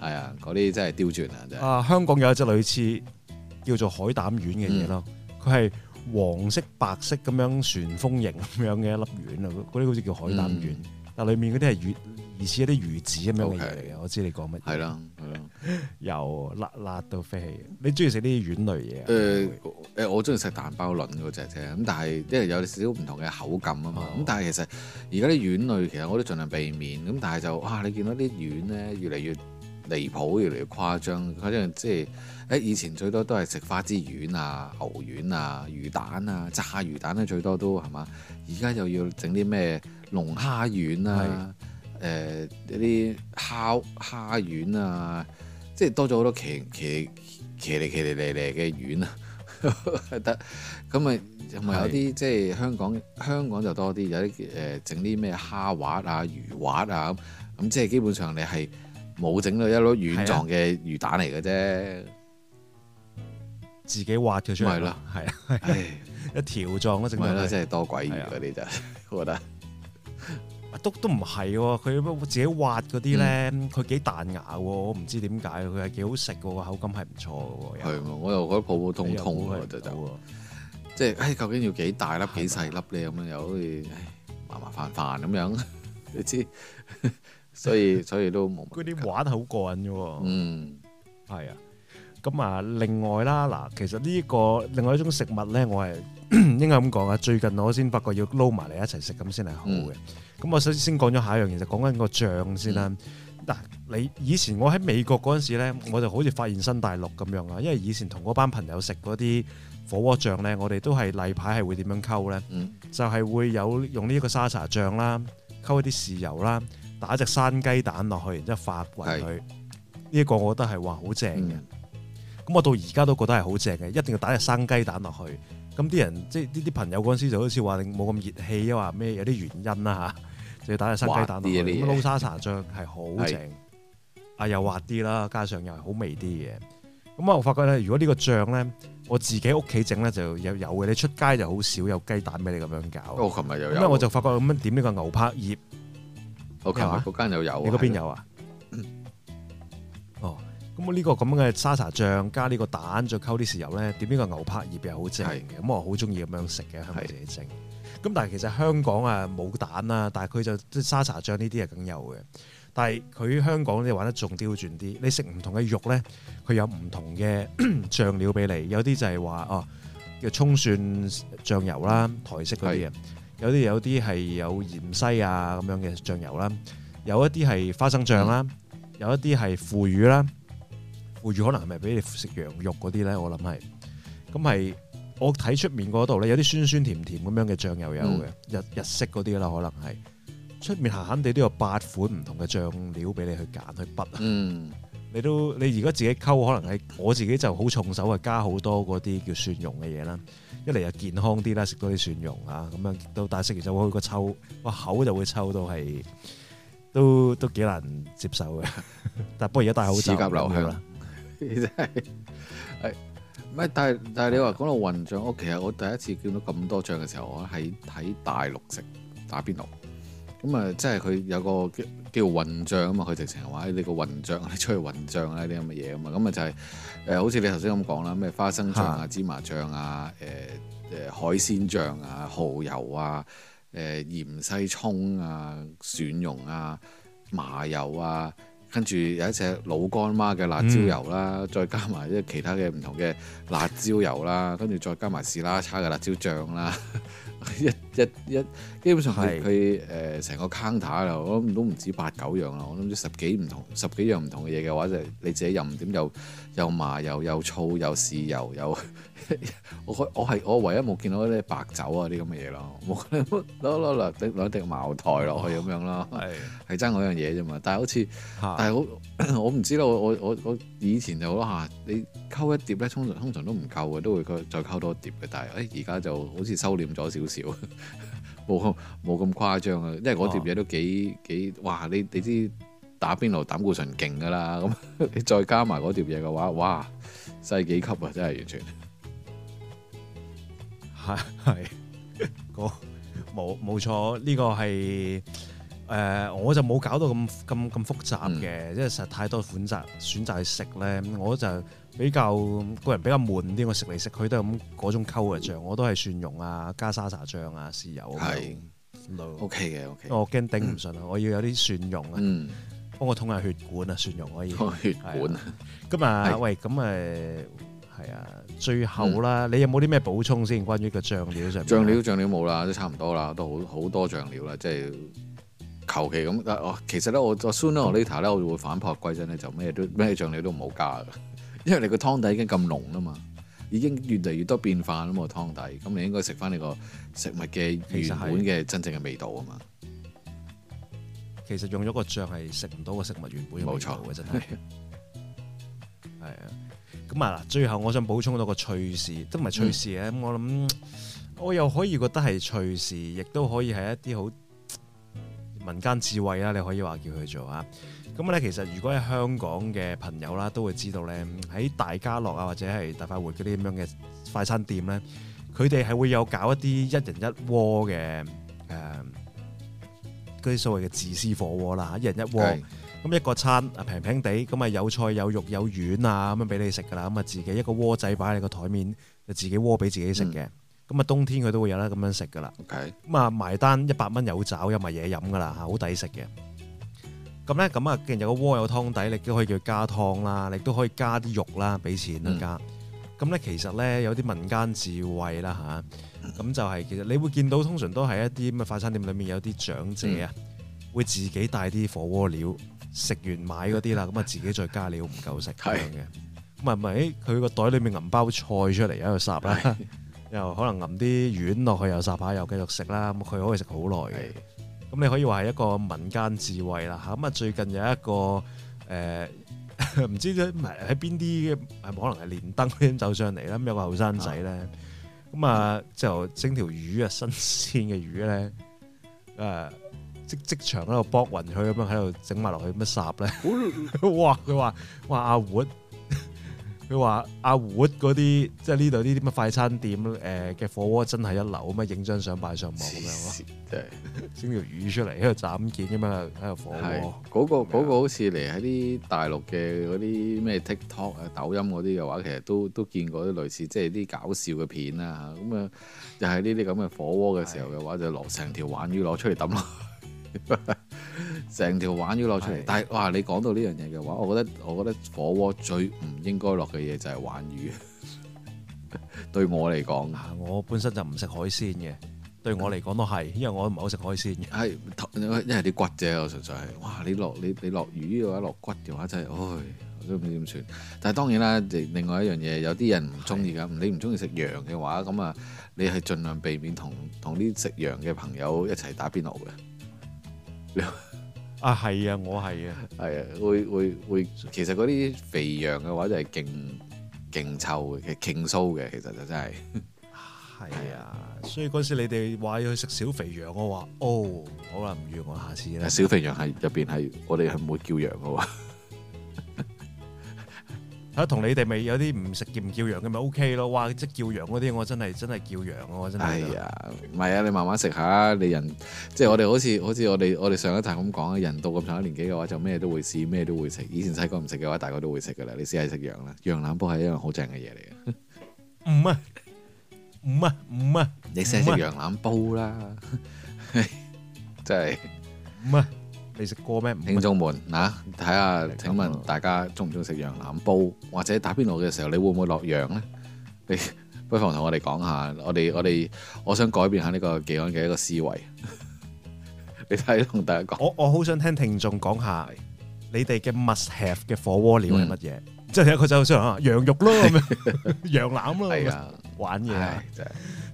係啊，嗰啲真係刁鑽啊，啊，香港有一隻類似。叫做海膽丸嘅嘢咯，佢係、嗯、黃色、白色咁樣旋風形咁樣嘅一粒丸啊，嗰啲好似叫海膽丸，嗯、但係裏面嗰啲係魚，疑似一啲魚子咁樣嘅嘢嚟嘅。Okay, 我知你講乜？係啦，係啦，由辣辣到飛起，你中意食啲丸類嘢？誒誒、呃，我中意食蛋包卵嗰隻啫，咁但係因為有少少唔同嘅口感啊嘛。咁、哦、但係其實而家啲丸類，其實我都盡量避免。咁但係就哇、啊，你見到啲丸咧越嚟越離譜，越嚟越誇張，反正即係。誒以前最多都係食花枝丸啊、牛丸啊、魚蛋啊、炸魚蛋咧，最多都係嘛。而家又要整啲咩龍蝦丸啊、誒是的、呃、一啲蝦蝦丸啊，即係多咗好多奇奇奇嚟奇嚟嚟嚟嘅丸啊， *laughs* 得咁咪，同埋有啲即係香港香港就多啲有啲誒整啲咩蝦滑啊、魚滑啊咁咁，嗯，即係基本上你係冇整到一粒丸狀嘅魚蛋嚟嘅啫。自己挖嘅出嚟，啦，係啊，一條狀咯，整埋啦，真係多鬼魚嗰啲就，我覺得，都都唔係，佢自己挖嗰啲咧，佢幾彈牙，我唔知點解，佢係幾好食，個口感係唔錯嘅，係，我又覺得普普通通就啊，即係，唉，究竟要幾大粒，幾細粒咧，咁樣又好似麻麻煩煩咁樣，你知，所以所以都冇，嗰啲玩好過癮嘅，嗯，係啊。咁啊，另外啦，嗱，其實呢、這、一個另外一種食物呢，我係 *coughs* 應該咁講啊。最近我先發覺要撈埋嚟一齊食咁先係好嘅。咁、嗯、我首先講咗下一樣嘢，就講緊個醬先啦。嗱、嗯啊，你以前我喺美國嗰陣時咧，我就好似發現新大陸咁樣啊。因為以前同嗰班朋友食嗰啲火鍋醬呢，我哋都係例牌係會點樣溝呢？就係會有用呢一個沙茶醬啦，溝一啲豉油啦，打隻生雞蛋落去，然之後發勻佢。呢一是個我覺得係話好正嘅。嗯。咁我到而家都覺得係好正嘅，一定要打隻生雞蛋落去。咁啲人即係呢啲朋友嗰陣時就好似話冇咁熱氣，又話咩有啲原因啦吓，啊、就要打隻生雞蛋落去。咁撈沙茶醬係好正，啊是又滑啲啦，加上又係好味啲嘅。咁我發覺咧，如果呢個醬咧，我自己屋企整咧就有有嘅，你出街就好少有雞蛋俾你咁樣搞。我琴日又有，因為我就發覺咁樣點呢個牛柏葉。我琴日嗰間又有啊。嗯、有你嗰邊有啊？ *laughs* *laughs* 咁呢個咁嘅沙茶醬加呢個蛋再呢，再溝啲豉油咧，點呢個牛柏葉又好正嘅。咁的我好中意咁樣食嘅係咪自己整。咁的但係其實香港啊冇蛋啦、啊，但係佢就沙茶醬呢啲係梗有嘅。但係佢香港你玩得仲刁轉啲。你食唔同嘅肉咧，佢有唔同嘅 *coughs* 醬料俾你。有啲就係話哦叫葱蒜醬油啦，台式嗰啲嘅；的有啲有啲係有芫茜啊咁樣嘅醬油啦；有一啲係花生醬啦；嗯、有一啲係腐乳啦。附住可能係咪俾你食羊肉嗰啲咧？我諗係，咁係我睇出面嗰度咧，有啲酸酸甜甜咁樣嘅醬油有嘅，日、嗯、日式嗰啲啦，可能係出面閒閒地都有八款唔同嘅醬料俾你去揀去揀。嗯，你都你如果自己溝，可能係我自己就好重手啊，加好多嗰啲叫蒜蓉嘅嘢啦。一嚟又健康啲啦，食多啲蒜蓉啊，咁樣到但食完就會個抽個口就會抽到係都都幾難接受嘅。 *laughs* 但不過而家戴口罩。刺鼻流 *laughs* 其實係係，唔但係但係你話講到混醬，我其實我第一次見到咁多醬嘅時候，我喺喺大陸食打邊爐，咁啊即係佢有個叫叫混醬啊嘛，佢直情話、欸、你個混醬，你出去混醬呢，啲咁嘅嘢啊嘛，咁啊就係誒好似你頭先咁講啦，咩花生醬啊、芝麻醬啊、誒、呃、誒海鮮醬啊、蠔油啊、誒芫茜葱啊、蒜蓉啊、麻油啊。跟住有一隻老乾媽嘅辣椒油啦，嗯、再加埋啲其他嘅唔同嘅辣椒油啦，跟住再加埋士拉差嘅辣椒醬啦。 *laughs* 一一一，基本上佢佢誒成個 counter 啦，我諗都唔止八九樣啦，我諗啲十幾唔同十幾樣唔同嘅嘢嘅話，就係你自己又唔點又又麻油又又醋又豉油又， *laughs* 我我係我唯一冇見到啲白酒啊啲咁嘅嘢咯，攞攞嗱兩兩滴茅台落去咁樣啦，係爭嗰樣嘢啫嘛。但係好似但係好，我唔知啦我我我我以前就嚇你溝一碟咧，通常通常都唔夠嘅，都會再溝多碟嘅。但係誒而家就好似收斂咗少。少冇冇咁誇張啊！因為嗰碟嘢都幾幾哇！你你知打邊爐膽固醇勁噶啦，咁你再加埋嗰碟嘢嘅話，哇，世幾級啊！真係完全係係，我冇冇錯呢個係誒，我就冇搞到咁咁咁複雜嘅，因為實太多款式選擇去食咧，我就。比較個人比較悶啲，我食嚟食去都係咁嗰種溝嘅醬，我都係蒜蓉啊，加沙茶醬啊，豉油。係 O K 嘅，類 okay okay、我驚頂唔順啊。 *coughs* 我要有啲蒜蓉啊，嗯、幫我通下血管啊，蒜蓉可以通血管啊。咁啊，是喂，咁、嗯、啊，係啊，最後啦，嗯、你有冇啲咩補充先？關於個醬料上醬料醬料，冇啦，都差唔多啦，都好好多醬料啦。即係求其咁。其實咧，我 soon will, 我 soon 咧我就會返璞歸真咧，就咩都咩醬料都唔好加嘅。因為你個湯底已經咁濃啦嘛，已經越嚟越多變化啦嘛，個湯底，咁你應該食翻你個食物嘅原本嘅真正嘅味道啊嘛。其實用咗個醬係食唔到個食物原本嘅味道嘅。冇錯，真係。係啊，咁啊嗱，最後我想補充到個趣事，都唔係趣事啊。咁、嗯、我諗我又可以覺得係趣事，亦都可以係一啲好民間智慧啦，你可以話叫佢做啊。咁咧，其實如果喺香港嘅朋友啦、啊，都會知道咧，喺大家樂啊，或者係大快活嗰啲咁樣嘅快餐店咧，佢哋係會有搞一啲一人一鍋嘅誒嗰啲所謂嘅自私火鍋啦，一人一鍋。咁 Okay. 一個餐平平地，咁啊有菜有肉有丸啊咁樣俾你食噶啦，咁啊自己一個鍋仔擺喺個台面，就自己鍋俾自己食嘅。咁啊、嗯、冬天佢都會有啦，咁樣食噶啦。咁啊埋單一百蚊有找，有埋嘢飲噶啦，嚇好抵食嘅。咁咧，咁啊，既然有個鍋有湯底，你都可以叫加湯啦，你都可以加啲肉啦，俾錢去加。咁咧、嗯，其實咧有啲民間智慧啦吓，咁、啊、就係其實你會見到，通常都係一啲咁嘅快餐店裏面有啲長者啊，嗯、會自己帶啲火鍋料，食完買嗰啲啦，咁啊自己再加料，唔夠食咁樣嘅。咁係唔係，佢個袋裏面揞包菜出嚟喺度烚啦，是 *laughs* 又可能揞啲丸落去又霎下，又繼續食啦，佢可以食好耐嘅。咁你可以話係一個民間智慧啦嚇，咁啊最近有一個誒唔知喺邊啲係冇可能係連登咁走上嚟啦，咁有個後生仔咧，咁啊就整條魚啊新鮮嘅魚咧，誒即即場喺度搏勻佢咁樣喺度整埋落去乜雜咧，哇！佢話話阿 Wood。佢話阿胡嗰啲即係呢度呢啲乜快餐店誒嘅、呃、火鍋真係一流啊嘛，影張相擺上網咁樣咯，整條魚出嚟喺度斬件啫嘛，喺度火鍋。嗰、嗰個嗰個好似嚟喺啲大陸嘅嗰啲咩 TikTok 啊、抖音嗰啲嘅話，其實都都見過啲類似即係啲搞笑嘅片啊。咁啊就係呢啲咁嘅火鍋嘅時候嘅話，是就攞成條鯇魚攞出嚟抌咯。的 *laughs* 成條鯇魚落出嚟，的但係哇，你講到呢樣嘢嘅話，我覺得我覺得火鍋最唔應該落嘅嘢就係鯇魚， *laughs* 對我嚟講，我本身就唔食海鮮嘅，對我嚟講都係，因為我唔係好食海鮮嘅，因因為啲骨啫，我純粹係，哇，你落你你落魚嘅話，落骨嘅話真係，唉，我都唔知點算。但係當然啦，另外一樣嘢，有啲人唔中意㗎，的你唔中意食羊嘅話，咁啊，你係盡量避免同同啲食羊嘅朋友一齊打邊爐嘅。 *laughs* 啊，係啊，我係啊，係 *laughs* 啊，會會會，其實嗰啲肥羊嘅話就係勁勁臭嘅，其實勁騷嘅，其實就真係，係 *laughs* 啊，所以嗰時你哋話要去食小肥羊，我話哦，好啦，唔要，我下次咧。小肥羊係入邊係我哋係冇叫羊嘅。 *laughs* 同你哋咪有啲唔食唔叫羊嘅，咪 OK 咯，哇！即叫羊嗰啲我真係真係叫羊啊！我真係。係、哎、啊，你慢慢食下。你人即係我哋好似好似我哋我哋上一集咁講啊，人到咁上咗年紀嘅話就咩都會試，咩都會食。以前細個唔食嘅話，大個都會食噶啦。你試下食羊啦，羊腩煲係一樣好正嘅嘢嚟嘅。唔啊唔啊唔啊！啊啊啊啊你試食羊腩煲啦，真係唔啊！ *laughs* 的你食過咩？聽眾們啊，睇下，請問大家中唔中意食羊腩煲，或者打邊爐嘅時候，你會唔會落羊咧？你不妨同我哋講下，我哋我哋，我想改變下呢個記者嘅一個思維。你睇同大家講，我我好想聽聽眾講下，你哋嘅 must have 嘅火鍋料係乜嘢？即係一個就上啊，羊肉咯，羊腩咯，係啊，玩嘢。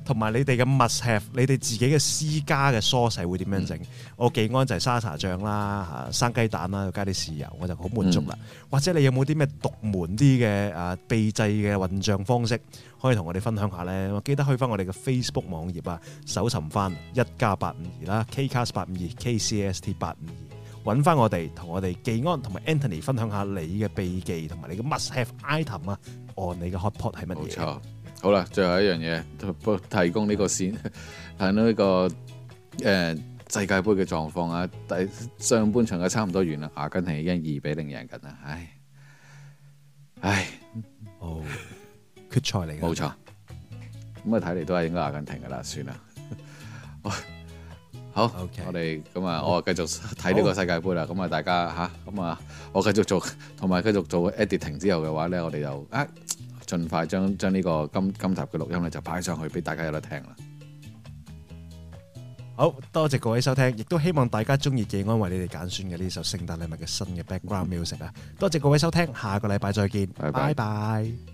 同埋你哋嘅 must have，你哋自己嘅私家嘅梳洗會點樣整？嗯、我技安就係沙茶醬啦，嚇、啊、生雞蛋啦，加啲豉油，我就好滿足啦。嗯、或者你有冇啲咩獨門啲嘅啊秘製嘅混醬方式，可以同我哋分享下咧？記得去翻我哋嘅 Facebook 網頁啊，搜尋翻一家八五二啦 KCast 八五二，KCST 八五二，揾翻我哋，同我哋技安同埋 Anthony 分享下你嘅秘技同埋你嘅 must have item 啊，哦，你嘅 hot pot 係乜嘢？好啦，最後一樣嘢，提供呢個線睇到呢個誒、呃、世界盃嘅狀況啊！第上半場嘅差唔多完啦，阿根廷已經二比零贏緊啦，唉唉、哦，決賽嚟嘅，冇錯。咁啊睇嚟都係應該阿根廷㗎啦，算啦。 *laughs* *laughs* 好，ok，我哋咁啊，我繼續睇呢個世界盃啦。咁、oh. 啊，大家嚇，咁啊，我繼續做，同埋繼續做 editing 之後嘅話咧，我哋就啊。盡快將將呢個今今集嘅錄音咧就擺上去俾大家有得聽啦。好多謝各位收聽，亦都希望大家中意紀安為你哋揀選嘅呢首聖誕禮物嘅新嘅 background music 啊、嗯！多謝各位收聽，下個禮拜再見，拜拜。